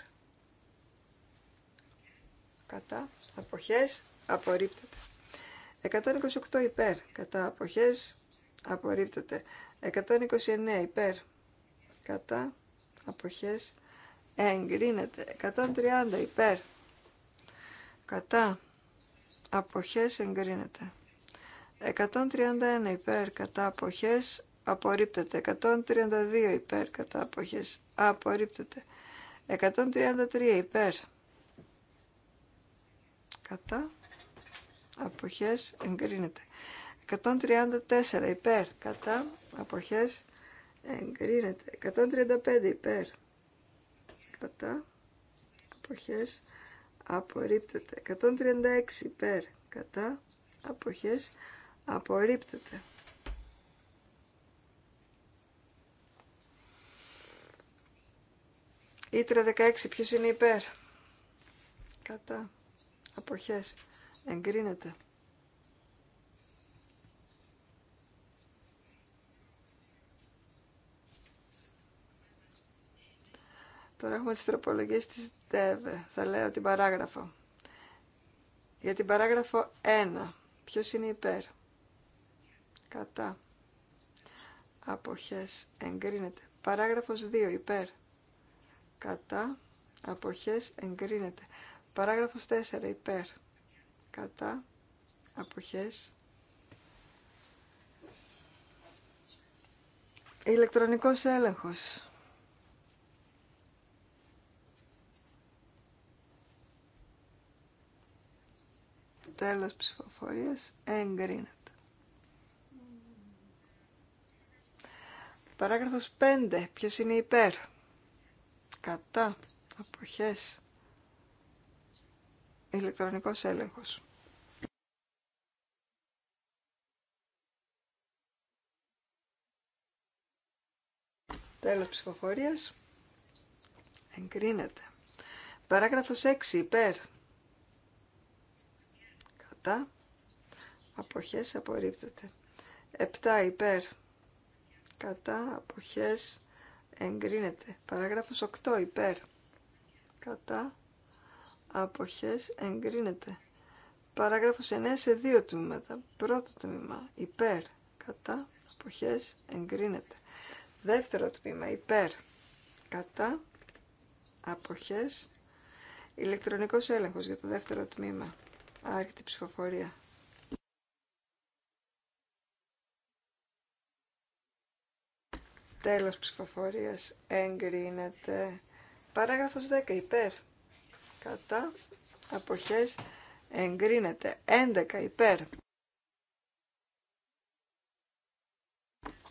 κατά αποχές απορρίπτεται. 128 υπέρ κατά αποχές απορρίπτεται. 129 υπέρ κατά αποχές εγκρίνεται. 130 υπέρ κατά αποχές εγκρίνεται. 131 υπέρ κατά αποχές απορρίπτεται. 132 υπέρ κατά αποχές απορρίπτεται. 133 υπέρ κατά αποχές εγκρίνεται 134 υπέρ κατά αποχές εγκρίνεται 135 υπέρ κατά αποχές απορρίπτεται 136 υπέρ κατά αποχές απορρίπτεται 16 ποιος είναι υπέρ κατά αποχές εγκρίνεται. Τώρα έχουμε τις τροπολογίες της ΔΕΒΕ. Θα λέω την παράγραφο. Για την παράγραφο 1. Ποιος είναι υπέρ. Κατά. Αποχές. Εγκρίνεται. Παράγραφος 2. Υπέρ. Κατά. Αποχές. Εγκρίνεται. Παράγραφος 4. Υπέρ. Κατά. Αποχές. Ηλεκτρονικός έλεγχος. Τέλος ψηφοφορίας. Εγκρίνεται. Παράγραφος 5. Ποιος είναι υπέρ. Κατά. Αποχές ηλεκτρονικός έλεγχος. Τέλος ψηφοφορία. Εγκρίνεται. Παράγραφος 6. Υπέρ. Κατά. Αποχές απορρίπτεται. 7. Υπέρ. Κατά. Αποχές εγκρίνεται. Παράγραφος 8. Υπέρ. Κατά αποχές εγκρίνεται. Παράγραφος 9 σε δύο τμήματα. Πρώτο τμήμα υπέρ κατά αποχές εγκρίνεται. Δεύτερο τμήμα υπέρ κατά αποχές ηλεκτρονικός έλεγχος για το δεύτερο τμήμα. Άρχεται ψηφοφορία. Τέλος ψηφοφορίας εγκρίνεται. Παράγραφος 10 υπέρ κατά αποχές εγκρίνεται 11 υπέρ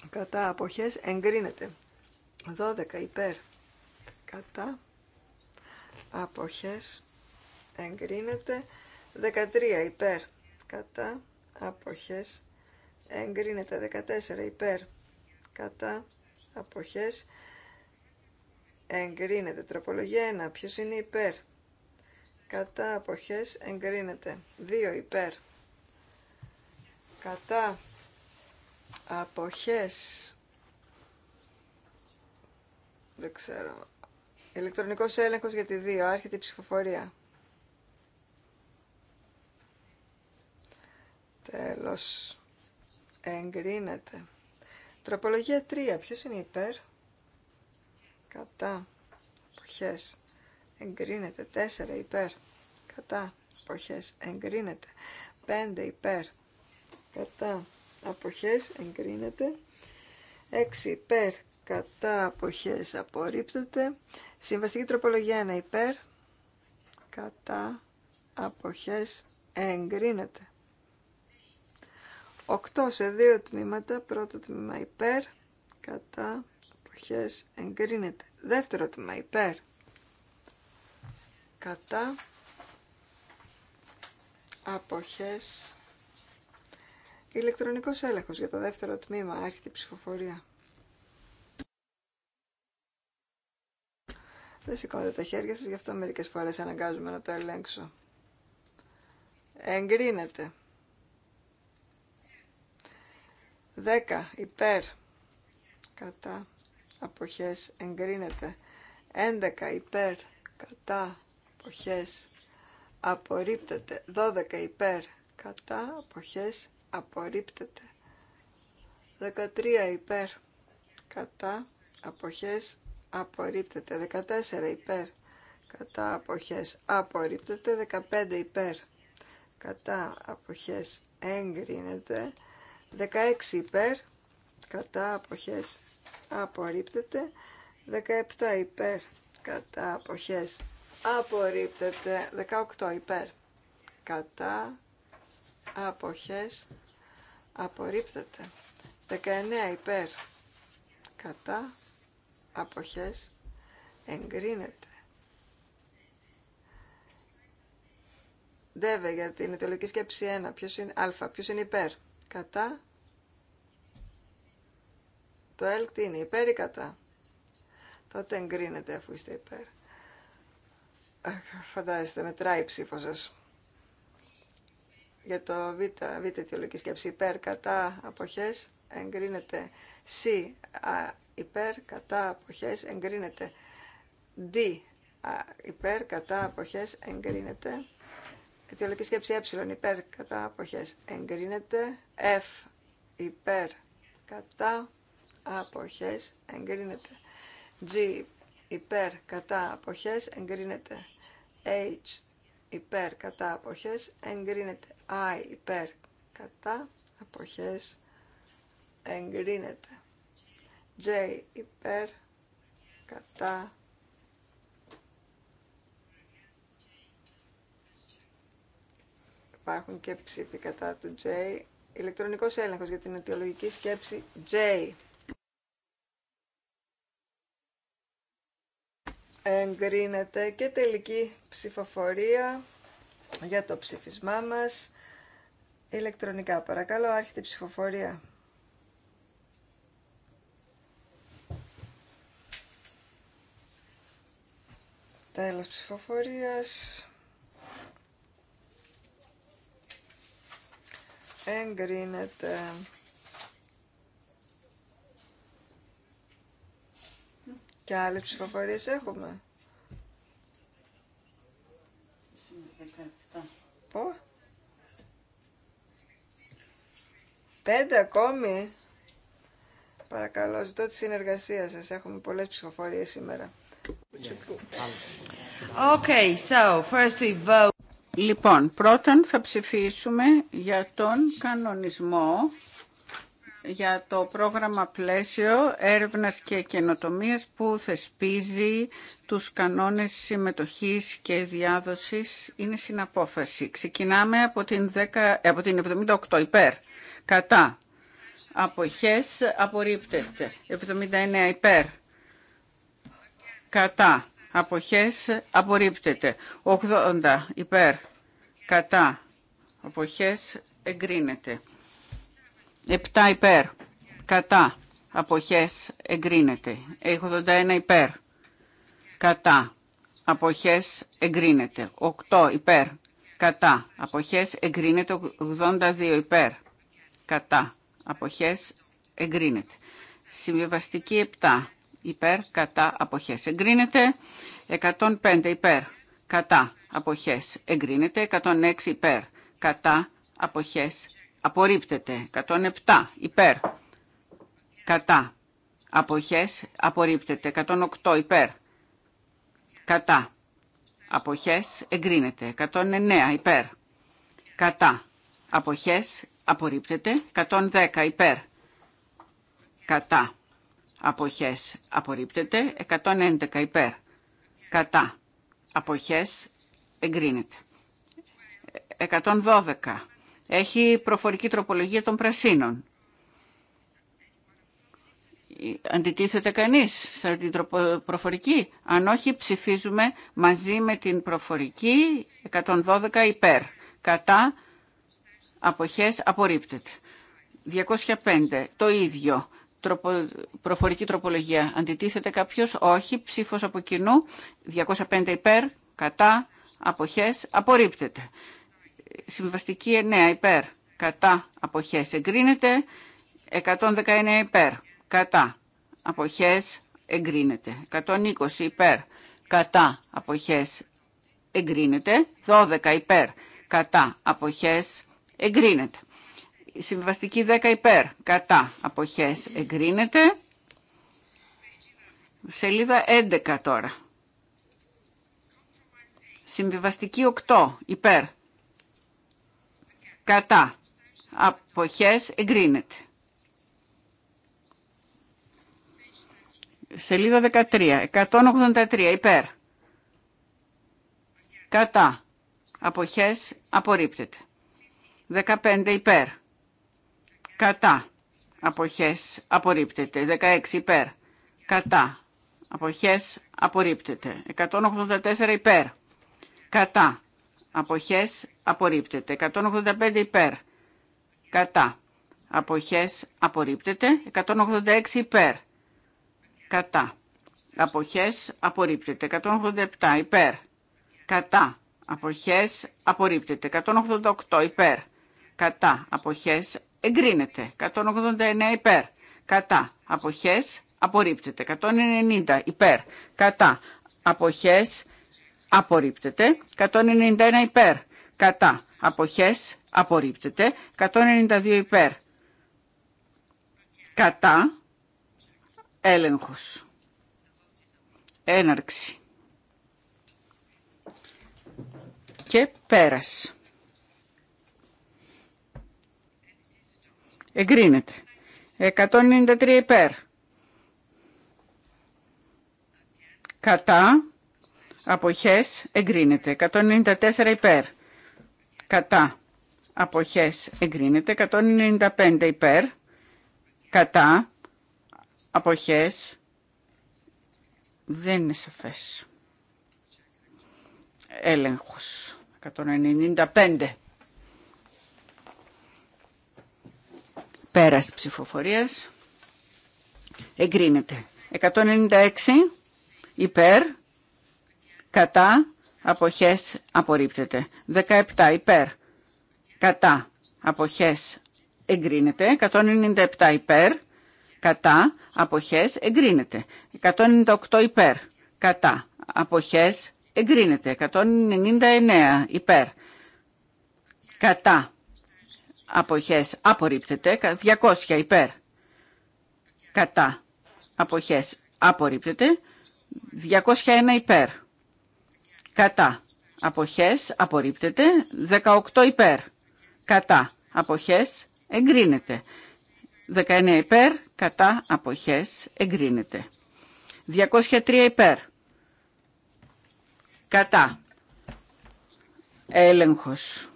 κατά αποχές εγκρίνεται 12 υπέρ κατά αποχές εγκρίνεται 13 υπέρ κατά αποχές εγκρίνεται 14 υπέρ κατά αποχές εγκρίνεται τροπολογία 1 ποιος είναι υπέρ κατά αποχές εγκρίνεται. Δύο υπέρ κατά αποχές δεν ξέρω Ελεκτρονικός έλεγχος για τη δύο. άρχεται η ψηφοφορία τέλος εγκρίνεται τροπολογία τρία. ποιος είναι υπέρ κατά αποχές εγκρίνεται. 4 υπέρ κατά αποχές εγκρίνεται. 5 υπέρ κατά αποχές εγκρίνεται. 6 υπέρ κατά αποχές απορρίπτεται. Συμβαστική τροπολογία 1 υπέρ κατά αποχές εγκρίνεται. 8 σε 2 τμήματα, πρώτο τμήμα υπέρ, κατά αποχές εγκρίνεται. Δεύτερο τμήμα υπέρ, κατά αποχές ηλεκτρονικός έλεγχος για το δεύτερο τμήμα έρχεται η ψηφοφορία δεν σηκώνετε τα χέρια σας γι' αυτό μερικές φορές αναγκάζομαι να το ελέγξω εγκρίνεται 10 υπέρ κατά αποχές εγκρίνεται 11 υπέρ κατά αποχές απορρίπτεται 12 υπέρ κατά αποχές απορρίπτεται 13 υπέρ κατά αποχές απορρίπτεται 14 υπέρ κατά αποχές απορρίπτεται 15 υπέρ κατά αποχές εγκρίνεται 16 υπέρ κατά αποχές απορρίπτεται 17 υπέρ κατά αποχές απορρίπτεται 18 υπέρ κατά αποχές απορρίπτεται 19 υπέρ κατά αποχές εγκρίνεται Δεύε για την ιδεολογική σκέψη 1 ποιος είναι α ποιος είναι υπέρ κατά το έλκτη είναι υπέρ ή κατά τότε εγκρίνεται αφού είστε υπέρ Φαντάζεστε, μετράει η ψήφο σα. Για το β, β αιτιολογική σκέψη υπέρ κατά αποχές εγκρίνεται. Σ α, υπέρ κατά αποχές εγκρίνεται. Δ α, υπέρ κατά αποχές εγκρίνεται. Αιτιολογική σκέψη ε υπέρ κατά αποχές εγκρίνεται. Φ. υπέρ κατά αποχές εγκρίνεται. G υπέρ κατά αποχές εγκρίνεται. H υπέρ κατά αποχές εγκρίνεται. I υπέρ κατά αποχές εγκρίνεται. J υπέρ κατά Υπάρχουν και ψήφοι κατά του J. Ηλεκτρονικός έλεγχος για την αιτιολογική σκέψη J. εγκρίνεται και τελική ψηφοφορία για το ψήφισμά μας ηλεκτρονικά. Παρακαλώ, άρχεται η ψηφοφορία. Τέλος ψηφοφορίας. Εγκρίνεται. Και άλλες ψηφοφορίες έχουμε. Πέντε ακόμη. Παρακαλώ, ζητώ τη συνεργασία σας. Έχουμε πολλές ψηφοφορίες σήμερα. Okay, so first we vote. Λοιπόν, πρώτον θα ψηφίσουμε για τον κανονισμό για το πρόγραμμα πλαίσιο έρευνας και καινοτομίας που θεσπίζει τους κανόνες συμμετοχής και διάδοσης είναι συναπόφαση. Ξεκινάμε από την, 10, από την 78 υπέρ, κατά, αποχές απορρίπτεται, 79 υπέρ, κατά, αποχές απορρίπτεται, 80 υπέρ, κατά, αποχές εγκρίνεται. 7 υπέρ. Κατά. Αποχές εγκρίνεται. 81 υπέρ. Κατά. Αποχές εγκρίνεται. 8 υπέρ. Κατά. Αποχές εγκρίνεται. 82 υπέρ. Κατά. Αποχές εγκρίνεται. Συμβιβαστική 7 υπέρ. Κατά. Αποχές εγκρίνεται. 105 υπέρ. Κατά. Αποχές εγκρίνεται. 106 υπέρ. Κατά. Αποχές απορρίπτεται. 107 υπέρ, κατά, αποχές, απορρίπτεται. 108 υπέρ, κατά, αποχές, εγκρίνεται. 109 υπέρ, κατά, αποχές, απορρίπτεται. 110 υπέρ, κατά, αποχές, απορρίπτεται. 111 υπέρ, κατά, αποχές, εγκρίνεται. 112 έχει προφορική τροπολογία των πρασίνων. Αντιτίθεται κανείς την προφορική. Αν όχι, ψηφίζουμε μαζί με την προφορική 112 υπέρ. Κατά αποχές απορρίπτεται. 205. Το ίδιο. προφορική τροπολογία. Αντιτίθεται κάποιος. Όχι. Ψήφος από κοινού. 205 υπέρ. Κατά αποχές απορρίπτεται συμβιβαστική 9 υπέρ, κατά, αποχές εγκρίνεται, 119 υπέρ, κατά, αποχές εγκρίνεται, 120 υπέρ, κατά, αποχές εγκρίνεται, 12 υπέρ, κατά, αποχές εγκρίνεται. Συμβιβαστική 10 υπέρ, κατά, αποχές εγκρίνεται. Σελίδα 11 τώρα. Συμβιβαστική 8 υπέρ, κατά, αποχές, εγκρίνεται. Σελίδα 13, 183, υπέρ, κατά, αποχές, απορρίπτεται. 15, υπέρ, κατά, αποχές, απορρίπτεται. 16, υπέρ, κατά, αποχές, απορρίπτεται. 184, υπέρ, κατά, Αποχές απορρίπτεται. 185 υπέρ. Κατά. Αποχές απορρίπτεται. 186 υπέρ. Κατά. Αποχές απορρίπτεται. 187 υπέρ. Κατά. Αποχές απορρίπτεται. 188 υπέρ. Κατά. Αποχές εγκρίνεται. 189 υπέρ. Κατά. Αποχές απορρίπτεται. 190 υπέρ. Κατά. Αποχές απορρίπτεται. 191 υπέρ. Κατά. Αποχές απορρίπτεται. 192 υπέρ. Κατά. Έλεγχος. Έναρξη. Και πέρας. Εγκρίνεται. 193 υπέρ. Κατά αποχές εγκρίνεται. 194 υπέρ. Κατά αποχές εγκρίνεται. 195 υπέρ. Κατά αποχές δεν είναι σαφές. Έλεγχος. 195. Πέρας ψηφοφορίας. Εγκρίνεται. 196 υπέρ κατά, αποχές, απορρίπτεται. 17 υπέρ, κατά, αποχές, εγκρίνεται. 197 υπέρ, κατά, αποχές, εγκρίνεται. 198 υπέρ, κατά, αποχές, εγκρίνεται. 199 υπέρ, κατά, αποχές, απορρίπτεται. 200 υπέρ, κατά, αποχές, απορρίπτεται. 201 υπέρ, κατά, αποχές, απορρίπτεται. 18 υπέρ, κατά, αποχές, εγκρίνεται. 19 υπέρ, κατά, αποχές, εγκρίνεται. 203 υπέρ, κατά, έλεγχος.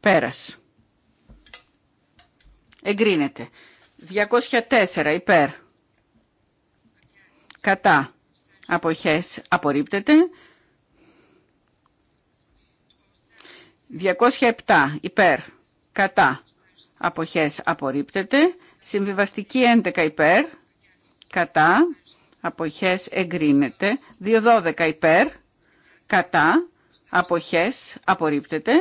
Πέρας. Εγκρίνεται. 204 υπέρ κατά αποχές απορρίπτεται. 207 υπέρ κατά αποχές απορρίπτεται. Συμβιβαστική 11 υπέρ κατά αποχές εγκρίνεται. 212 υπέρ κατά αποχές απορρίπτεται.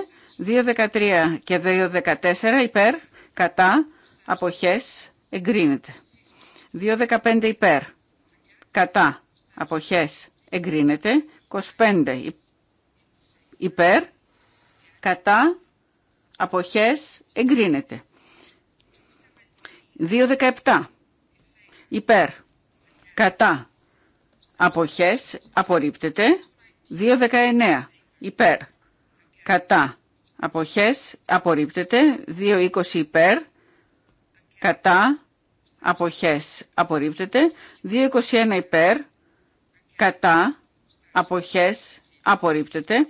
2.13 και 2.14 υπέρ, κατά, αποχές, εγκρίνεται. 2.15 υπέρ, κατά, αποχές, εγκρίνεται. 25 υπέρ, κατά, αποχές, εγκρίνεται. 2.17 υπέρ, κατά, αποχές, απορρίπτεται. 2.19 υπέρ, κατά, αποχές, απορρίπτεται. 2.20 υπέρ, κατά, αποχές απορρίπτεται. 2.21 υπέρ, κατά, αποχές απορρίπτεται.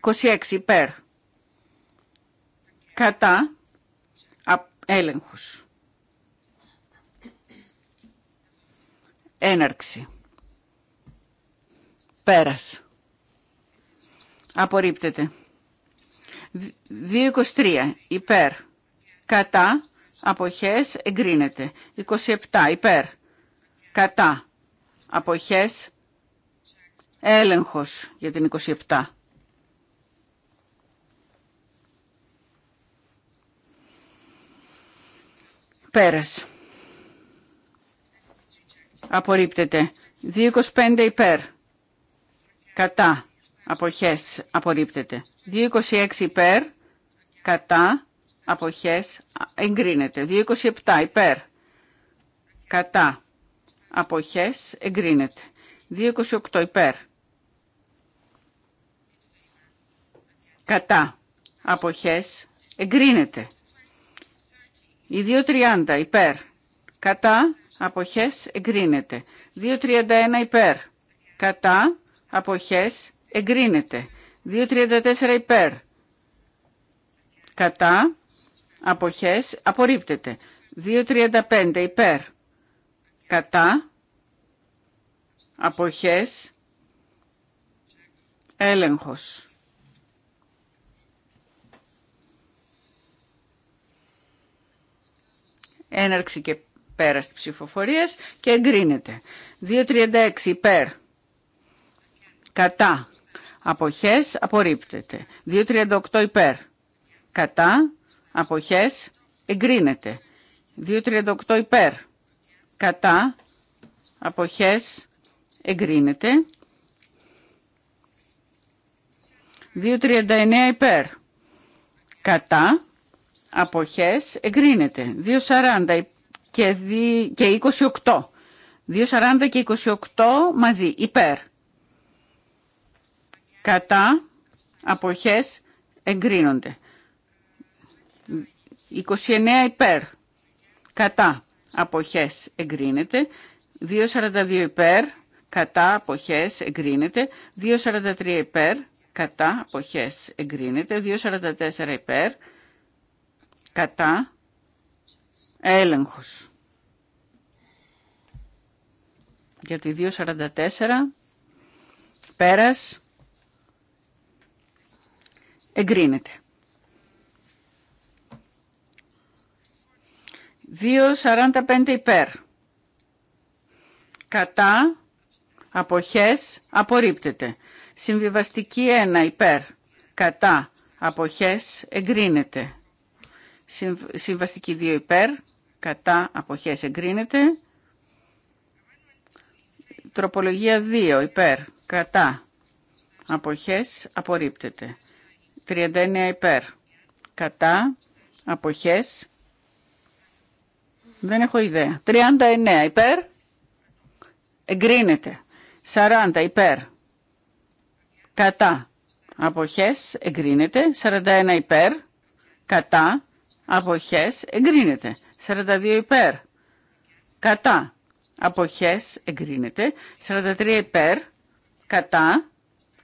26 υπέρ, κατά, α, έλεγχος. Έναρξη. Πέρας. Απορρίπτεται. 2.23 υπέρ, κατά, αποχές εγκρίνεται. 27 υπέρ, κατά, αποχές, έλεγχος για την 27. Πέρες. Απορρίπτεται. 2,25 υπέρ. Κατά. Αποχές. Απορρίπτεται. 2,26 υπέρ. Κατά αποχές εγκρίνεται. 227 υπέρ κατά αποχές εγκρίνεται. 228 υπέρ κατά αποχές εγκρίνεται. Η 230 υπέρ κατά αποχές εγκρίνεται. 231 υπέρ κατά αποχές εγκρίνεται. 234 υπέρ κατά αποχές απορρίπτεται. 2.35 υπέρ κατά αποχές έλεγχος. Έναρξη και πέρα ψηφοφορίας και εγκρίνεται. 2.36 υπέρ κατά αποχές απορρίπτεται. 2.38 υπέρ κατά αποχές εγκρίνεται. 2.38 υπέρ κατά αποχές εγκρίνεται. 2.39 υπέρ κατά αποχές εγκρίνεται. 2.40 και, 28. 2.40 και 28 μαζί υπέρ. Κατά αποχές εγκρίνονται. 29 υπέρ. Κατά αποχές εγκρίνεται. 2.42 υπέρ. Κατά αποχές εγκρίνεται. 2.43 υπέρ. Κατά αποχές εγκρίνεται. 2.44 υπέρ. Κατά έλεγχος. Για 2.44 πέρας εγκρίνεται. 2.45 υπέρ. Κατά αποχές απορρίπτεται. Συμβιβαστική 1 υπέρ. Κατά αποχές εγκρίνεται. Συμβαστική 2 υπέρ. Κατά αποχές εγκρίνεται. Τροπολογία 2 υπέρ. Κατά αποχές απορρίπτεται. 39 υπέρ. Κατά αποχές δεν έχω ιδέα. 39 υπέρ. Εγκρίνεται. 40 υπέρ. Κατά. Αποχές εγκρίνεται. 41 υπέρ. Κατά. Αποχές εγκρίνεται. 42 υπέρ. Κατά. Αποχές εγκρίνεται. 43 υπέρ. Κατά.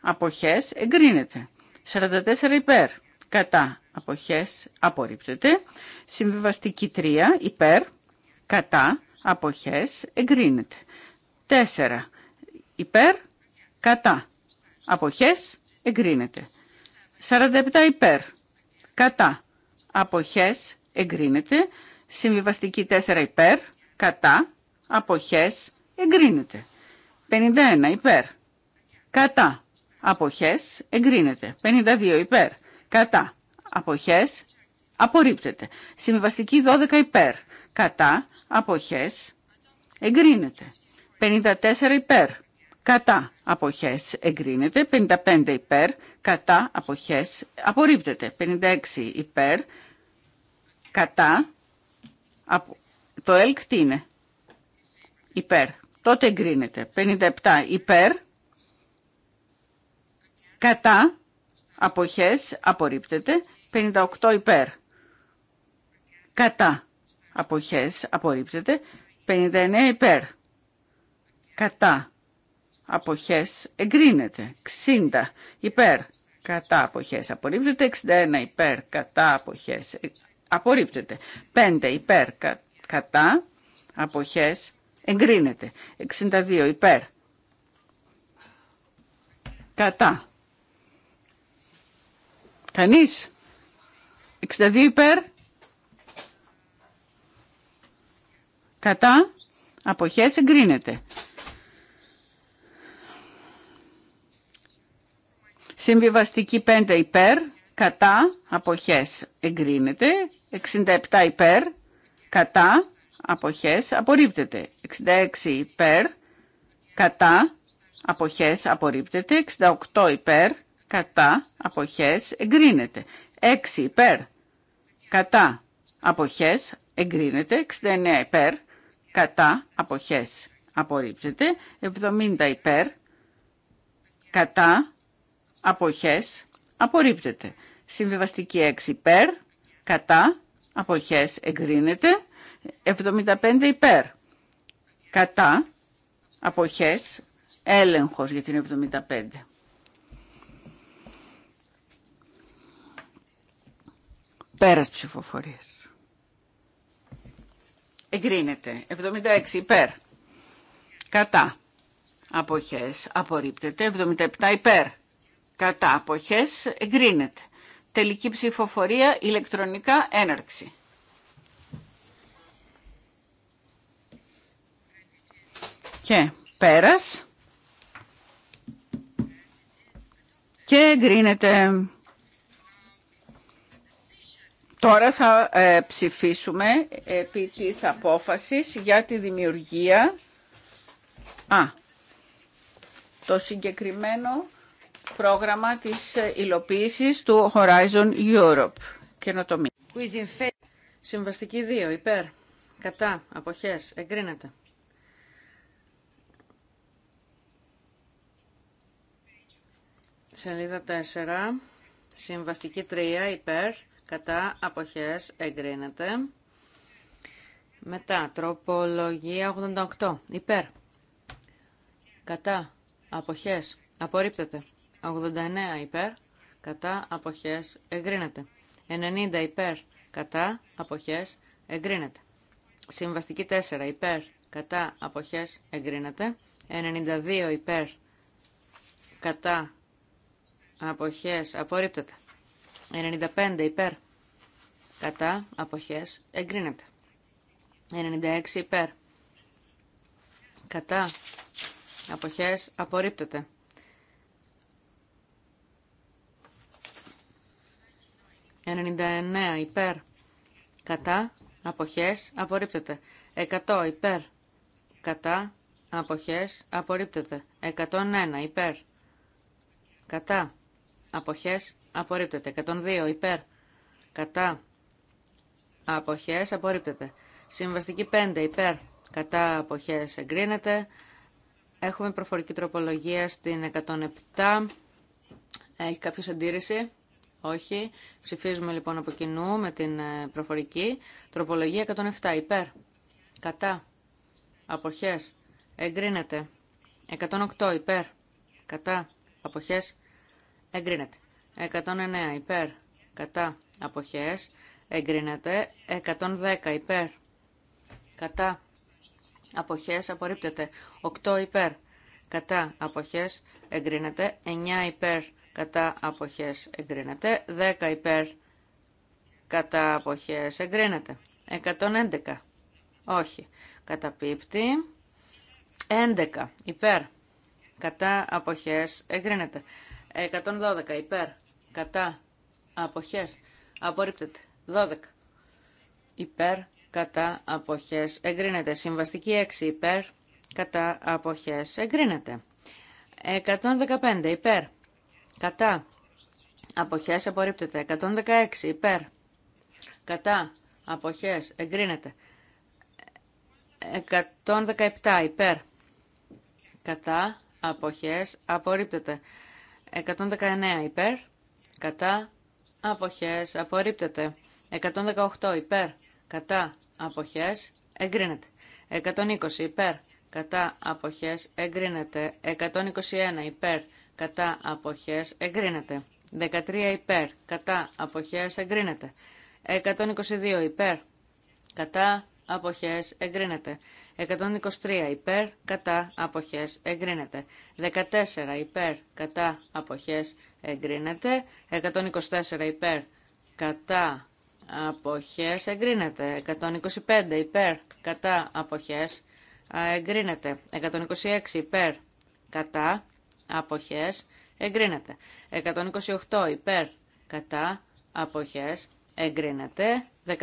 Αποχές εγκρίνεται. 44 υπέρ. Κατά. Αποχές απορρίπτεται. Συμβιβαστική 3 υπέρ κατά, αποχές, εγκρίνεται. 4. Υπέρ, κατά, αποχές, εγκρίνεται. 47 υπέρ, κατά, αποχές, εγκρίνεται. Συμβιβαστική 4 υπέρ, κατά, αποχές, εγκρίνεται. 51 υπέρ, κατά, αποχές, εγκρίνεται. 52 υπέρ, κατά, αποχές, απορρίπτεται. Συμβιβαστική 12 υπέρ, κατά, αποχές, εγκρίνεται. 54 υπέρ, κατά, αποχές, εγκρίνεται. 55 υπέρ, κατά, αποχές, απορρίπτεται. 56 υπέρ, κατά, απο... το ΕΛΚ τι είναι, υπέρ, τότε εγκρίνεται. 57 υπέρ, κατά, αποχές, απορρίπτεται. 58 υπέρ, κατά, αποχές απορρίπτεται. 59 υπέρ κατά αποχές εγκρίνεται. 60 υπέρ κατά αποχές απορρίπτεται. 61 υπέρ κατά αποχές ε, απορρίπτεται. 5 υπέρ κατά αποχές εγκρίνεται. 62 υπέρ κατά. Κανείς. 62 υπέρ Κατά. Αποχές εγκρίνεται. Συμβιβαστική 5 υπέρ. Κατά. Αποχές εγκρίνεται. 67 υπέρ. Κατά. Αποχές απορρίπτεται. 66 υπέρ. Κατά. Αποχές απορρίπτεται. 68 υπέρ. Κατά. Αποχές εγκρίνεται. 6 υπέρ. Κατά. Αποχές εγκρίνεται. 69 υπέρ κατά, αποχές, απορρίπτεται. 70 υπέρ, κατά, αποχές, απορρίπτεται. Συμβιβαστική 6 υπέρ, κατά, αποχές, εγκρίνεται. 75 υπέρ, κατά, αποχές, έλεγχος για την 75. Πέρας ψηφοφορίας εγκρίνεται. 76 υπέρ. Κατά. Αποχές απορρίπτεται. 77 υπέρ. Κατά. Αποχές εγκρίνεται. Τελική ψηφοφορία ηλεκτρονικά έναρξη. Και πέρας. Και εγκρίνεται. Τώρα θα ε, ψηφίσουμε επί της απόφασης για τη δημιουργία... Α, το συγκεκριμένο πρόγραμμα της ε, υλοποίησης του Horizon Europe. Συμβαστική 2. Υπέρ. Κατά. Αποχές. Εγκρίνεται. Σελίδα 4. Συμβαστική 3. Υπέρ κατά αποχές εγκρίνεται. Μετά, τροπολογία 88, υπέρ, κατά αποχές απορρίπτεται. 89 υπέρ, κατά αποχές εγκρίνεται. 90 υπέρ, κατά αποχές εγκρίνεται. Συμβαστική 4 υπέρ, κατά αποχές εγκρίνεται. 92 υπέρ, κατά αποχές απορρίπτεται. 95 υπέρ. Κατά αποχές εγκρίνεται. 96 υπέρ. Κατά αποχές απορρίπτεται. 99 υπέρ. Κατά αποχές απορρίπτεται. 100 υπέρ. Κατά αποχές απορρίπτεται. 101 υπέρ. Κατά αποχές απορρίπτεται. 102 υπέρ, κατά, αποχές, απορρίπτεται. Συμβαστική 5 υπέρ, κατά, αποχέ. εγκρίνεται. Έχουμε προφορική τροπολογία στην 107. Έχει κάποιο αντίρρηση. Όχι. Ψηφίζουμε λοιπόν από κοινού με την ε, προφορική. Τροπολογία 107. Υπέρ. Κατά. Αποχές. Εγκρίνεται. 108. Υπέρ. Κατά. Αποχές. Εγκρίνεται. 109 υπέρ κατά αποχές εγκρίνεται 110 υπέρ κατά αποχές απορρίπτεται 8 υπέρ κατά αποχές εγκρίνεται 9 υπέρ κατά αποχές εγκρίνεται 10 υπέρ κατά αποχές εγκρίνεται 111 όχι πίπτη. 11 υπέρ κατά αποχές εγκρίνεται 112 υπέρ κατά, αποχές, απορρίπτεται. 12. Υπέρ, κατά, αποχές, εγκρίνεται. Συμβαστική 6. Υπέρ, κατά, αποχές, εγκρίνεται. 115. Υπέρ, κατά, αποχές, απορρίπτεται. 116. Υπέρ, κατά, αποχές, εγκρίνεται. 117. Υπέρ, κατά, αποχές, απορρίπτεται. 119 υπέρ, κατά, αποχές, απορρίπτεται. 118 υπέρ, κατά, αποχές, εγκρίνεται. 120 υπέρ, κατά, αποχές, εγκρίνεται. 121 υπέρ, κατά, αποχές, εγκρίνεται. 13 υπέρ, κατά, αποχές, εγκρίνεται. 122 υπέρ, κατά, αποχές, εγκρίνεται. 123 υπέρ, κατά, αποχές, εγκρίνεται. 14 υπέρ, κατά, αποχές, εγκρίνεται. 124 υπέρ κατά αποχές εγκρίνεται. 125 υπέρ κατά αποχές εγκρίνεται. 126 υπέρ κατά αποχές εγκρίνεται. 128 υπέρ κατά αποχές εγκρίνεται. 15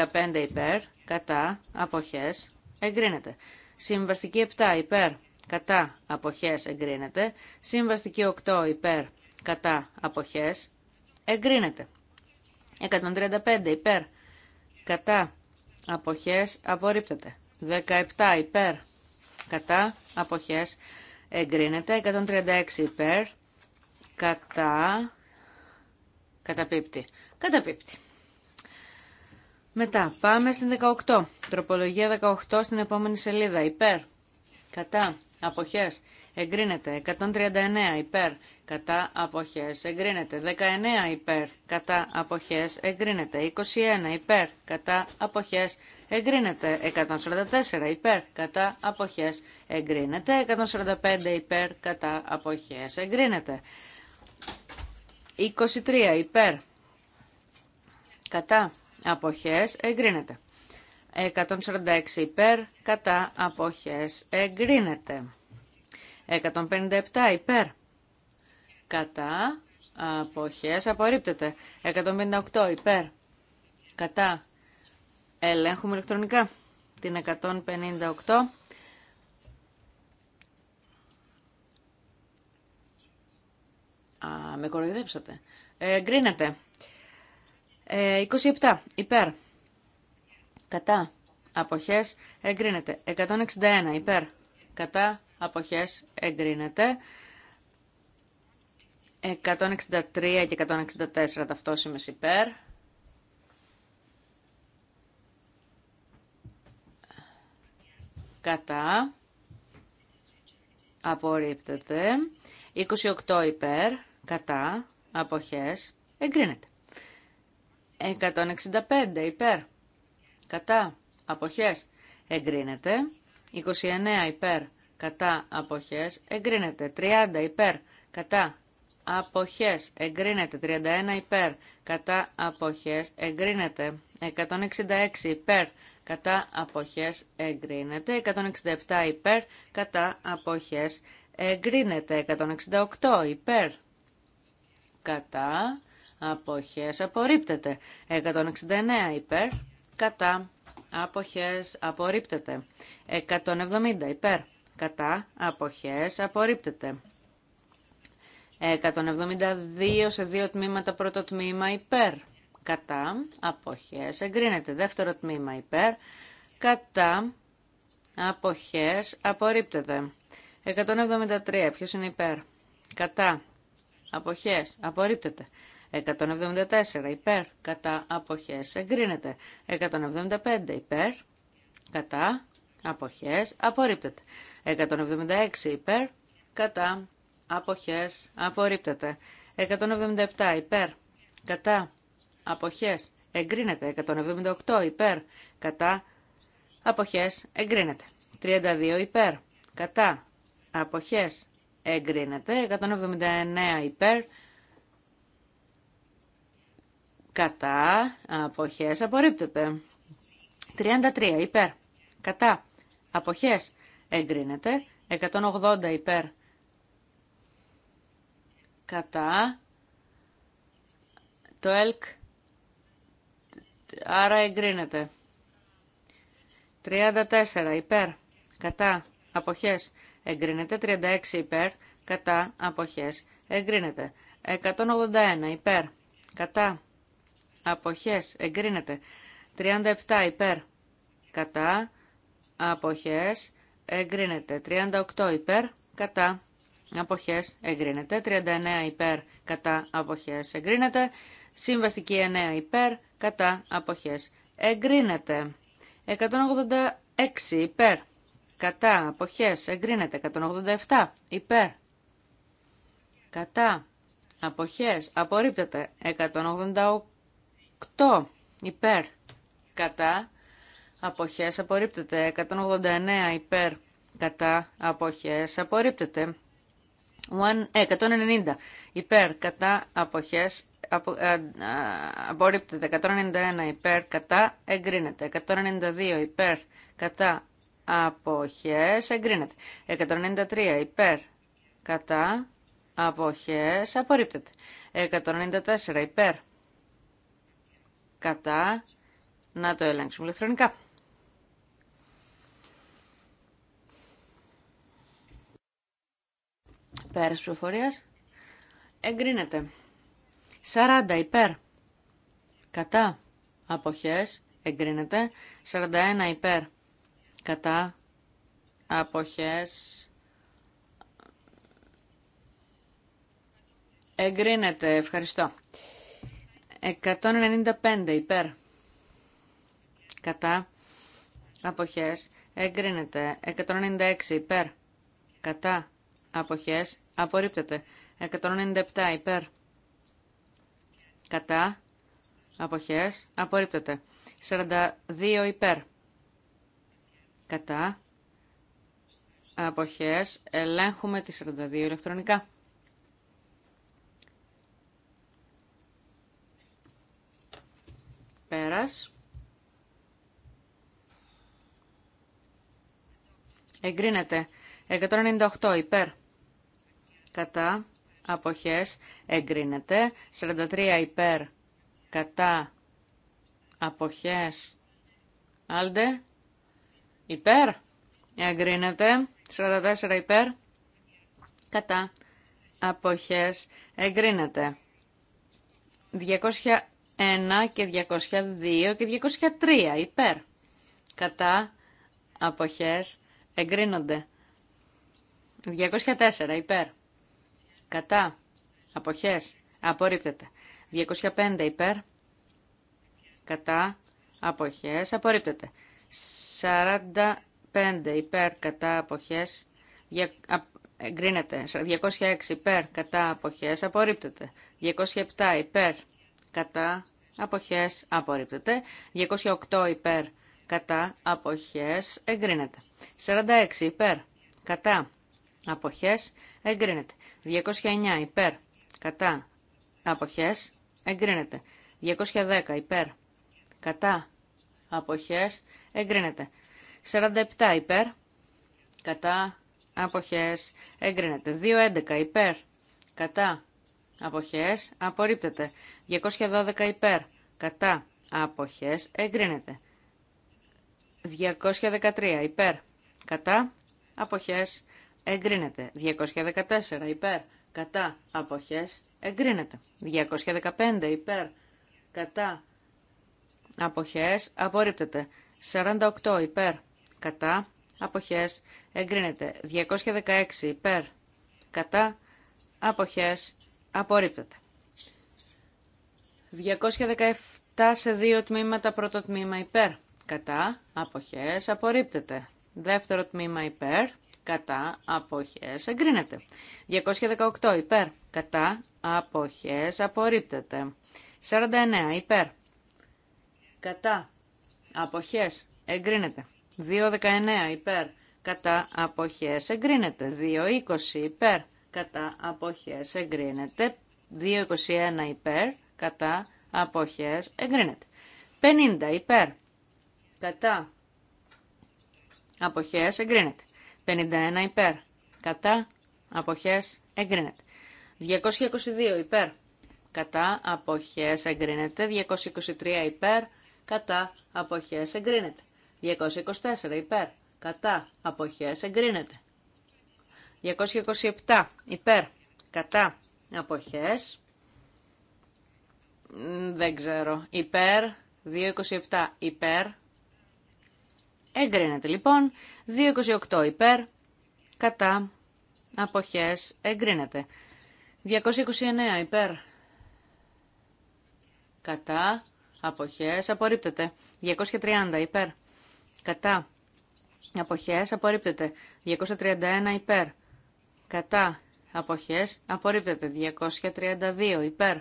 υπέρ κατά αποχές εγκρίνεται. Συμβαστική 7 υπέρ κατά αποχές εγκρίνεται. Συμβαστική 8 υπέρ κατά αποχές εγκρίνεται. 135 υπέρ κατά αποχές απορρίπτεται. 17 υπέρ κατά αποχές εγκρίνεται. 136 υπέρ κατά καταπίπτει. Καταπίπτει. Μετά πάμε στην 18. Τροπολογία 18 στην επόμενη σελίδα. Υπέρ. Κατά. Αποχές εγκρίνεται. 139 υπέρ κατά αποχές εγκρίνεται. 19 υπέρ κατά αποχές εγκρίνεται. 21 υπέρ κατά αποχές εγκρίνεται. 144 υπέρ κατά αποχές εγκρίνεται. 145 υπέρ κατά αποχές εγκρίνεται. 23 υπέρ κατά αποχές εγκρίνεται. 146 υπέρ κατά αποχές εγκρίνεται. 157 υπέρ. Κατά. Αποχές απορρίπτεται. 158 υπέρ. Κατά. Ελέγχουμε ηλεκτρονικά. Την 158. με κοροϊδέψατε. Ε, Ε, 27. Υπέρ. Κατά. Αποχές. Εγκρίνεται. 161. Υπέρ. Κατά αποχές εγκρίνεται. 163 και 164 ταυτόσημες υπέρ. Κατά. Απορρίπτεται. 28 υπέρ. Κατά. Αποχές. Εγκρίνεται. 165 υπέρ. Κατά. Αποχές. Εγκρίνεται. 29 υπέρ κατά αποχές εγκρίνεται 30 υπέρ κατά αποχές εγκρίνεται 31 υπέρ κατά αποχές εγκρίνεται 166 υπέρ κατά αποχές εγκρίνεται 167 υπέρ κατά αποχές εγκρίνεται 168 υπέρ κατά αποχές απορρίπτεται 169 υπέρ κατά αποχές απορρίπτεται 170 υπέρ κατά αποχές απορρίπτεται. 172 σε δύο τμήματα πρώτο τμήμα υπέρ κατά αποχές εγκρίνεται. Δεύτερο τμήμα υπέρ κατά αποχές απορρίπτεται. 173 ποιος είναι υπέρ κατά αποχές απορρίπτεται. 174 υπέρ κατά αποχές εγκρίνεται. 175 υπέρ κατά αποχές απορρίπτεται. 176 υπέρ, κατά, αποχές, απορρίπτεται. 177 υπέρ, κατά, αποχές, εγκρίνεται. 178 υπέρ, κατά, αποχές, εγκρίνεται. 32 υπέρ, κατά, αποχές, εγκρίνεται. 179 υπέρ, κατά, αποχές, απορρίπτεται. 33 υπέρ, κατά, αποχές, εγκρίνεται. 180 υπέρ κατά. Το ΕΛΚ άρα εγκρίνεται. 34 υπέρ κατά αποχές εγκρίνεται. 36 υπέρ κατά αποχές εγκρίνεται. 181 υπέρ κατά αποχές εγκρίνεται. 37 υπέρ κατά αποχές εγκρίνεται. 38 υπέρ, κατά, αποχές, εγκρίνεται. 39 υπέρ, κατά, αποχές, εγκρίνεται. Συμβαστική 9 υπέρ, κατά, αποχές, εγκρίνεται. 186 υπέρ, κατά, αποχές, εγκρίνεται. 187 υπέρ, κατά, αποχές, απορρίπτεται. 188 υπέρ, κατά, αποχές απορρίπτεται. 189 υπέρ κατά αποχές απορρίπτεται. 190 ε, υπέρ κατά αποχές απο, α, ε, α, απορρίπτεται. 191 υπέρ κατά εγκρίνεται. 192 υπέρ κατά αποχές εγκρίνεται. 193 υπέρ κατά αποχές απορρίπτεται. 194 υπέρ κατά να το ελέγξουμε ηλεκτρονικά. τη ψηφοφορίας. Εγκρίνεται. 40 υπέρ. Κατά. Αποχές. Εγκρίνεται. 41 υπέρ. Κατά. Αποχές. Εγκρίνεται. Ευχαριστώ. 195 υπέρ. Κατά. Αποχές. Εγκρίνεται. 196 υπέρ. Κατά. Αποχές. Απορρίπτεται. 197 υπέρ. Κατά. Αποχές. Απορρίπτεται. 42 υπέρ. Κατά. Αποχές. Ελέγχουμε τις 42 ηλεκτρονικά. Πέρας. Εγκρίνεται. 198 υπέρ κατά αποχές εγκρίνεται. 43 υπέρ κατά αποχές Άλτε. υπέρ εγκρίνεται. 44 υπέρ κατά αποχές εγκρίνεται. 201 και 202 και 203 υπέρ κατά αποχές εγκρίνονται. 204 υπέρ κατά, αποχές, απορρίπτεται. 205 υπέρ, κατά, αποχές, απορρίπτεται. 45 υπέρ, κατά, αποχές, εγκρίνεται. 206 υπέρ, κατά, αποχές, απορρίπτεται. 207 υπέρ, κατά, αποχές, απορρίπτεται. 208 υπέρ, κατά, αποχές, εγκρίνεται. 46 υπέρ, κατά, αποχές, εγκρίνεται. 209 υπέρ, κατά, αποχές, εγκρίνεται. 210 υπέρ, κατά, αποχές, εγκρίνεται. 47 υπέρ, κατά, αποχές, εγκρίνεται. 211 υπέρ, κατά, αποχές, απορρίπτεται. 212 υπέρ, κατά, αποχές, εγκρίνεται. 213 υπέρ, κατά, αποχές, εγκρίνεται. 214 υπέρ κατά αποχές εγκρίνεται. 215 υπέρ κατά αποχές απορρίπτεται. 48 υπέρ κατά αποχές εγκρίνεται. 216 υπέρ κατά αποχές απορρίπτεται. 217 σε δύο τμήματα πρώτο τμήμα υπέρ κατά αποχές απορρίπτεται. Δεύτερο τμήμα υπέρ κατά αποχές εγκρίνεται. 218 υπέρ κατά αποχές απορρίπτεται. 49 υπέρ κατά αποχές εγκρίνεται. 219 υπέρ κατά αποχές εγκρίνεται. 220 υπέρ κατά αποχές εγκρίνεται. 221 υπέρ κατά αποχές εγκρίνεται. 50 υπέρ κατά αποχές εγκρίνεται. 51 υπέρ. Κατά αποχές εγκρίνεται. 222 υπέρ. Κατά αποχές εγκρίνεται. 223 υπέρ. Κατά αποχές εγκρίνεται. 224 υπέρ. Κατά αποχές εγκρίνεται. 227 υπέρ. Κατά αποχές. Δεν ξέρω. Υπέρ. 227 υπέρ. Εγκρίνεται λοιπόν. 228 υπέρ. Κατά. Αποχές. Εγκρίνεται. 229 υπέρ. Κατά. Αποχές. Απορρίπτεται. 230 υπέρ. Κατά. Αποχές. Απορρίπτεται. 231 υπέρ. Κατά. Αποχές. Απορρίπτεται. 232 υπέρ.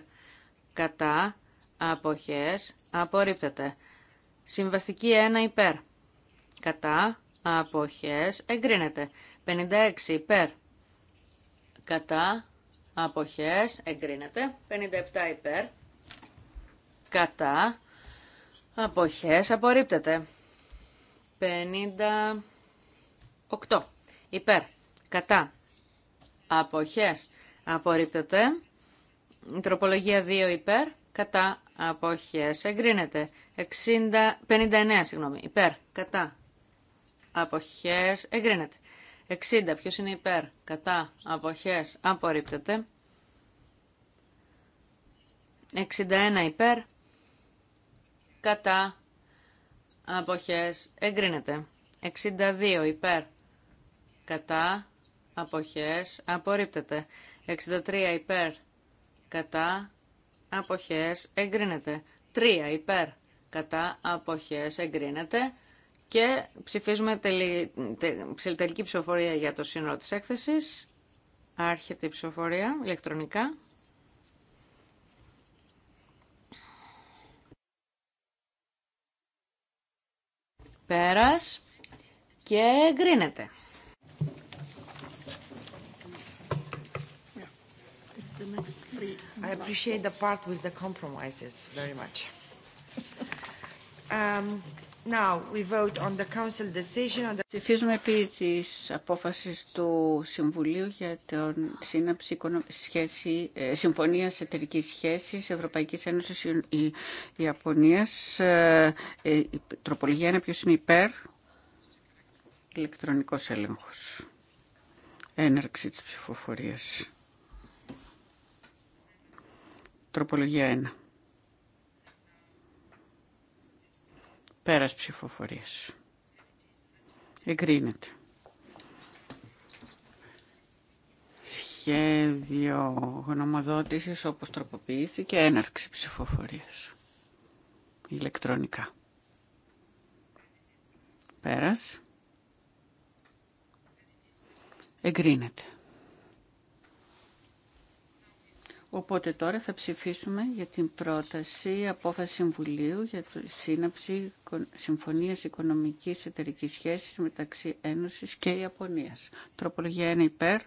Κατά. Αποχές. Απορρίπτεται. Συμβαστική 1 υπέρ κατά, αποχές, εγκρίνεται. 56 υπέρ, κατά, αποχές, εγκρίνεται. 57 υπέρ, κατά, αποχές, απορρίπτεται. 58 υπέρ, κατά, αποχές, απορρίπτεται. τροπολογία 2 υπέρ, κατά, αποχές, εγκρίνεται. 60, 59, συγγνώμη, υπέρ, κατά, αποχές εγκρίνεται. 60 ποιος είναι υπέρ, κατά, αποχές απορρίπτεται. 61 υπέρ, κατά, αποχές εγκρίνεται. 62 υπέρ, κατά, αποχές απορρίπτεται. 63 υπέρ, κατά, αποχές εγκρίνεται. 3 υπέρ, κατά, αποχές εγκρίνεται. Και ψηφίζουμε τελη... τε... τελική ψηφοφορία για το σύνολο της έκθεσης. Άρχεται η ψηφοφορία ηλεκτρονικά. Πέρας και εγκρίνεται. I appreciate the part with the compromises very much. Um, Ψηφίζουμε επί της απόφασης του Συμβουλίου για την σύναψη σχέση, Εταιρική συμφωνίας Ευρωπαϊκή σχέσης Ευρωπαϊκής Ένωσης ε, ε, η τροπολογία είναι ποιο είναι υπέρ. Ηλεκτρονικός έλεγχος. Έναρξη τη ψηφοφορία. Τροπολογία 1. Πέρας ψηφοφορίας. Εγκρίνεται. Σχέδιο γνωμοδότησης όπως τροποποιήθηκε έναρξη ψηφοφορίας. Ηλεκτρονικά. Πέρας. Εγκρίνεται. Οπότε τώρα θα ψηφίσουμε για την πρόταση απόφαση Συμβουλίου για τη σύναψη Συμφωνίας Οικονομικής Εταιρικής Σχέσης μεταξύ Ένωσης και Ιαπωνίας. Τροπολογία 1 υπέρ,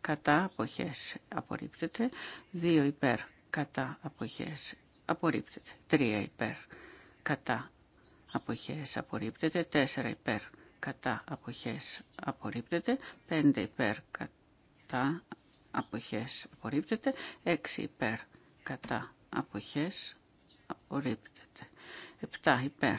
κατά αποχές απορρίπτεται. 2 υπέρ, κατά αποχές απορρίπτεται. 3 υπέρ, κατά αποχές απορρίπτεται. 4 υπέρ, κατά αποχές απορρίπτεται. 5 υπέρ, κατά αποχές απορρίπτεται. 6 υπέρ κατά αποχές απορρίπτεται. 7 υπέρ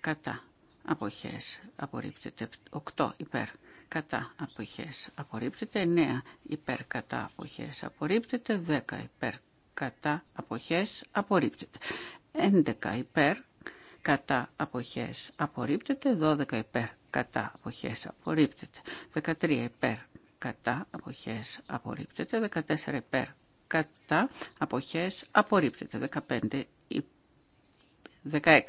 κατά αποχές απορρίπτεται. 8 υπέρ κατά αποχές απορρίπτεται. 9 υπέρ κατά αποχές απορρίπτεται. 10 υπέρ κατά αποχές απορρίπτεται. 11 υπέρ κατά αποχές απορρίπτεται. 12 υπέρ κατά αποχές απορρίπτεται. 13 υπέρ κατά αποχές απορρίπτεται, 14 υπέρ κατά αποχές απορρίπτεται, 15 16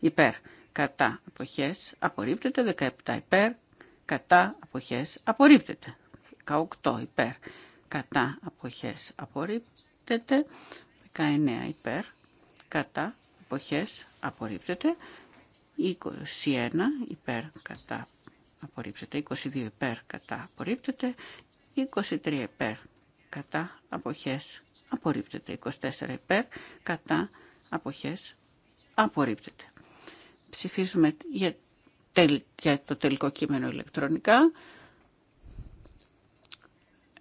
υπέρ κατά αποχές απορρίπτεται, 17 υπέρ κατά αποχές απορρίπτεται, 18 υπέρ κατά αποχές απορρίπτεται, 19 υπέρ κατά αποχές απορρίπτεται, 21 υπέρ κατά απορρίπτεται. 22 υπέρ κατά απορρίπτεται. 23 υπέρ κατά αποχές απορρίπτεται. 24 υπέρ κατά αποχές απορρίπτεται. Ψηφίζουμε για, για το τελικό κείμενο ηλεκτρονικά.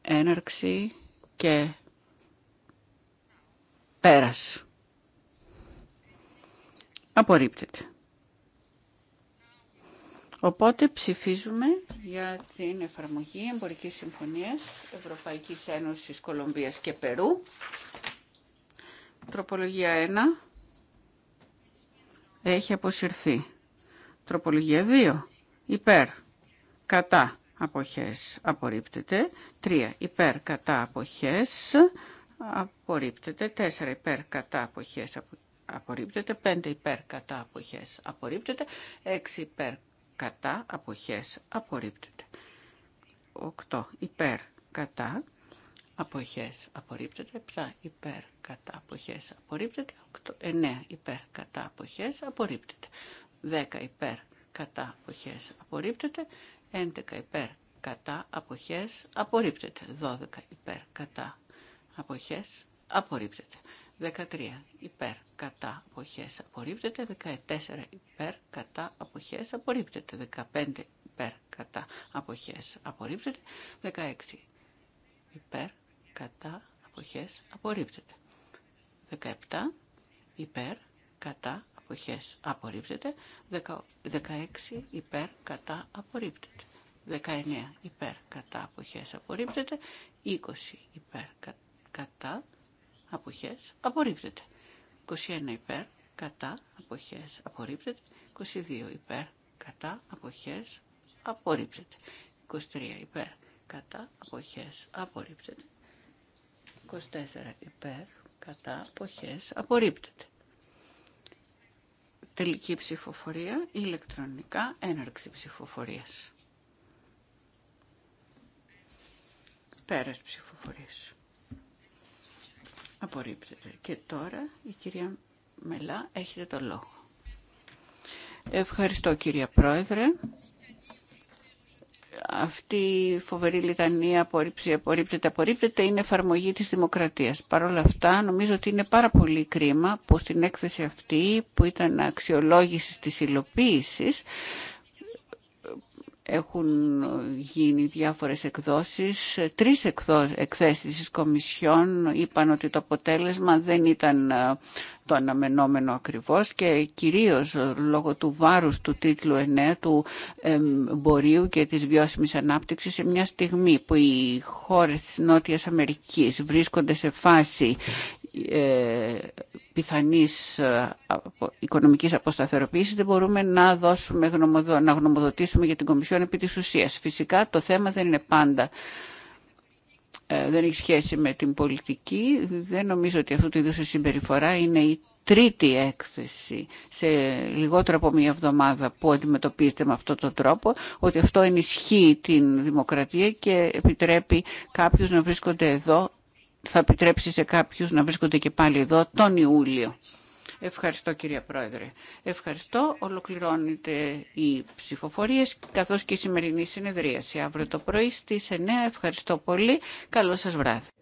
Έναρξη και πέρας. Απορρίπτεται. Οπότε ψηφίζουμε για την εφαρμογή εμπορικής συμφωνίας Ευρωπαϊκής Ένωσης Κολομβίας και Περού. Τροπολογία 1 έχει αποσυρθεί. Τροπολογία 2 υπέρ κατά αποχές απορρίπτεται. 3 υπέρ κατά αποχές απορρίπτεται. 4 υπέρ κατά αποχές απορρίπτεται. 5 υπέρ κατά αποχές απορρίπτεται. 6 υπέρ κατά, αποχές, απορρίπτεται. 8. Υπέρ, κατά, αποχές, απορρίπτεται. 7. Υπέρ, κατά, αποχές, απορρίπτεται. 9. Υπέρ, κατά, αποχές, απορρίπτεται. 10. Υπέρ, κατά, αποχές, απορρίπτεται. 11. Υπέρ, κατά, αποχές, απορρίπτεται. 12. Υπέρ, κατά, αποχές, απορρίπτεται. 13 υπέρ κατά αποχές απορρίπτεται, 14 υπέρ κατά αποχές απορρίπτεται, 15 υπέρ κατά αποχές απορρίπτεται, 16 υπέρ κατά αποχές απορρίπτεται, 17 υπέρ κατά αποχές απορρίπτεται, 16 υπέρ κατά απορρίπτεται. 19 υπέρ κατά αποχές απορρίπτεται, 20 υπέρ κατά αποχές, απορρίπτεται. 21 υπέρ, κατά, αποχές, απορρίπτεται. 22 υπέρ, κατά, αποχές, απορρίπτεται. 23 υπέρ, κατά, αποχές, απορρίπτεται. 24 υπέρ, κατά, αποχές, απορρίπτεται. Τελική ψηφοφορία, ηλεκτρονικά, έναρξη ψηφοφορίας. Πέρας ψηφοφορίας. Απορρίπτεται. Και τώρα η κυρία Μελά έχετε το λόγο. Ευχαριστώ κυρία Πρόεδρε. Αυτή η φοβερή λιτανία απορρίψη, απορρίπτεται, απορρίπτεται, είναι εφαρμογή της δημοκρατίας. Παρ' όλα αυτά, νομίζω ότι είναι πάρα πολύ κρίμα που στην έκθεση αυτή, που ήταν αξιολόγηση της υλοποίησης, έχουν γίνει διάφορες εκδόσεις. Τρεις εκθέσεις της Κομισιόν είπαν ότι το αποτέλεσμα δεν ήταν ε, το αναμενόμενο ακριβώς και κυρίως λόγω του βάρους του τίτλου 9 του εμπορίου και της βιώσιμης ανάπτυξης σε μια στιγμή που οι χώρες της Νότιας Αμερικής βρίσκονται σε φάση ε, πιθανής ε, οικονομικής αποσταθεροποίησης δεν μπορούμε να, δώσουμε, να γνωμοδοτήσουμε για την Κομισιόν επί της ουσίας. Φυσικά το θέμα δεν είναι πάντα ε, δεν έχει σχέση με την πολιτική. Δεν νομίζω ότι αυτού του είδους συμπεριφορά είναι η τρίτη έκθεση σε λιγότερο από μία εβδομάδα που αντιμετωπίζεται με αυτόν τον τρόπο, ότι αυτό ενισχύει την δημοκρατία και επιτρέπει κάποιους να βρίσκονται εδώ, θα επιτρέψει σε κάποιους να βρίσκονται και πάλι εδώ τον Ιούλιο. Ευχαριστώ κυρία Πρόεδρε. Ευχαριστώ. Ολοκληρώνεται οι ψηφοφορίες καθώς και η σημερινή συνεδρίαση. Αύριο το πρωί στις 9. Ευχαριστώ πολύ. Καλό σας βράδυ.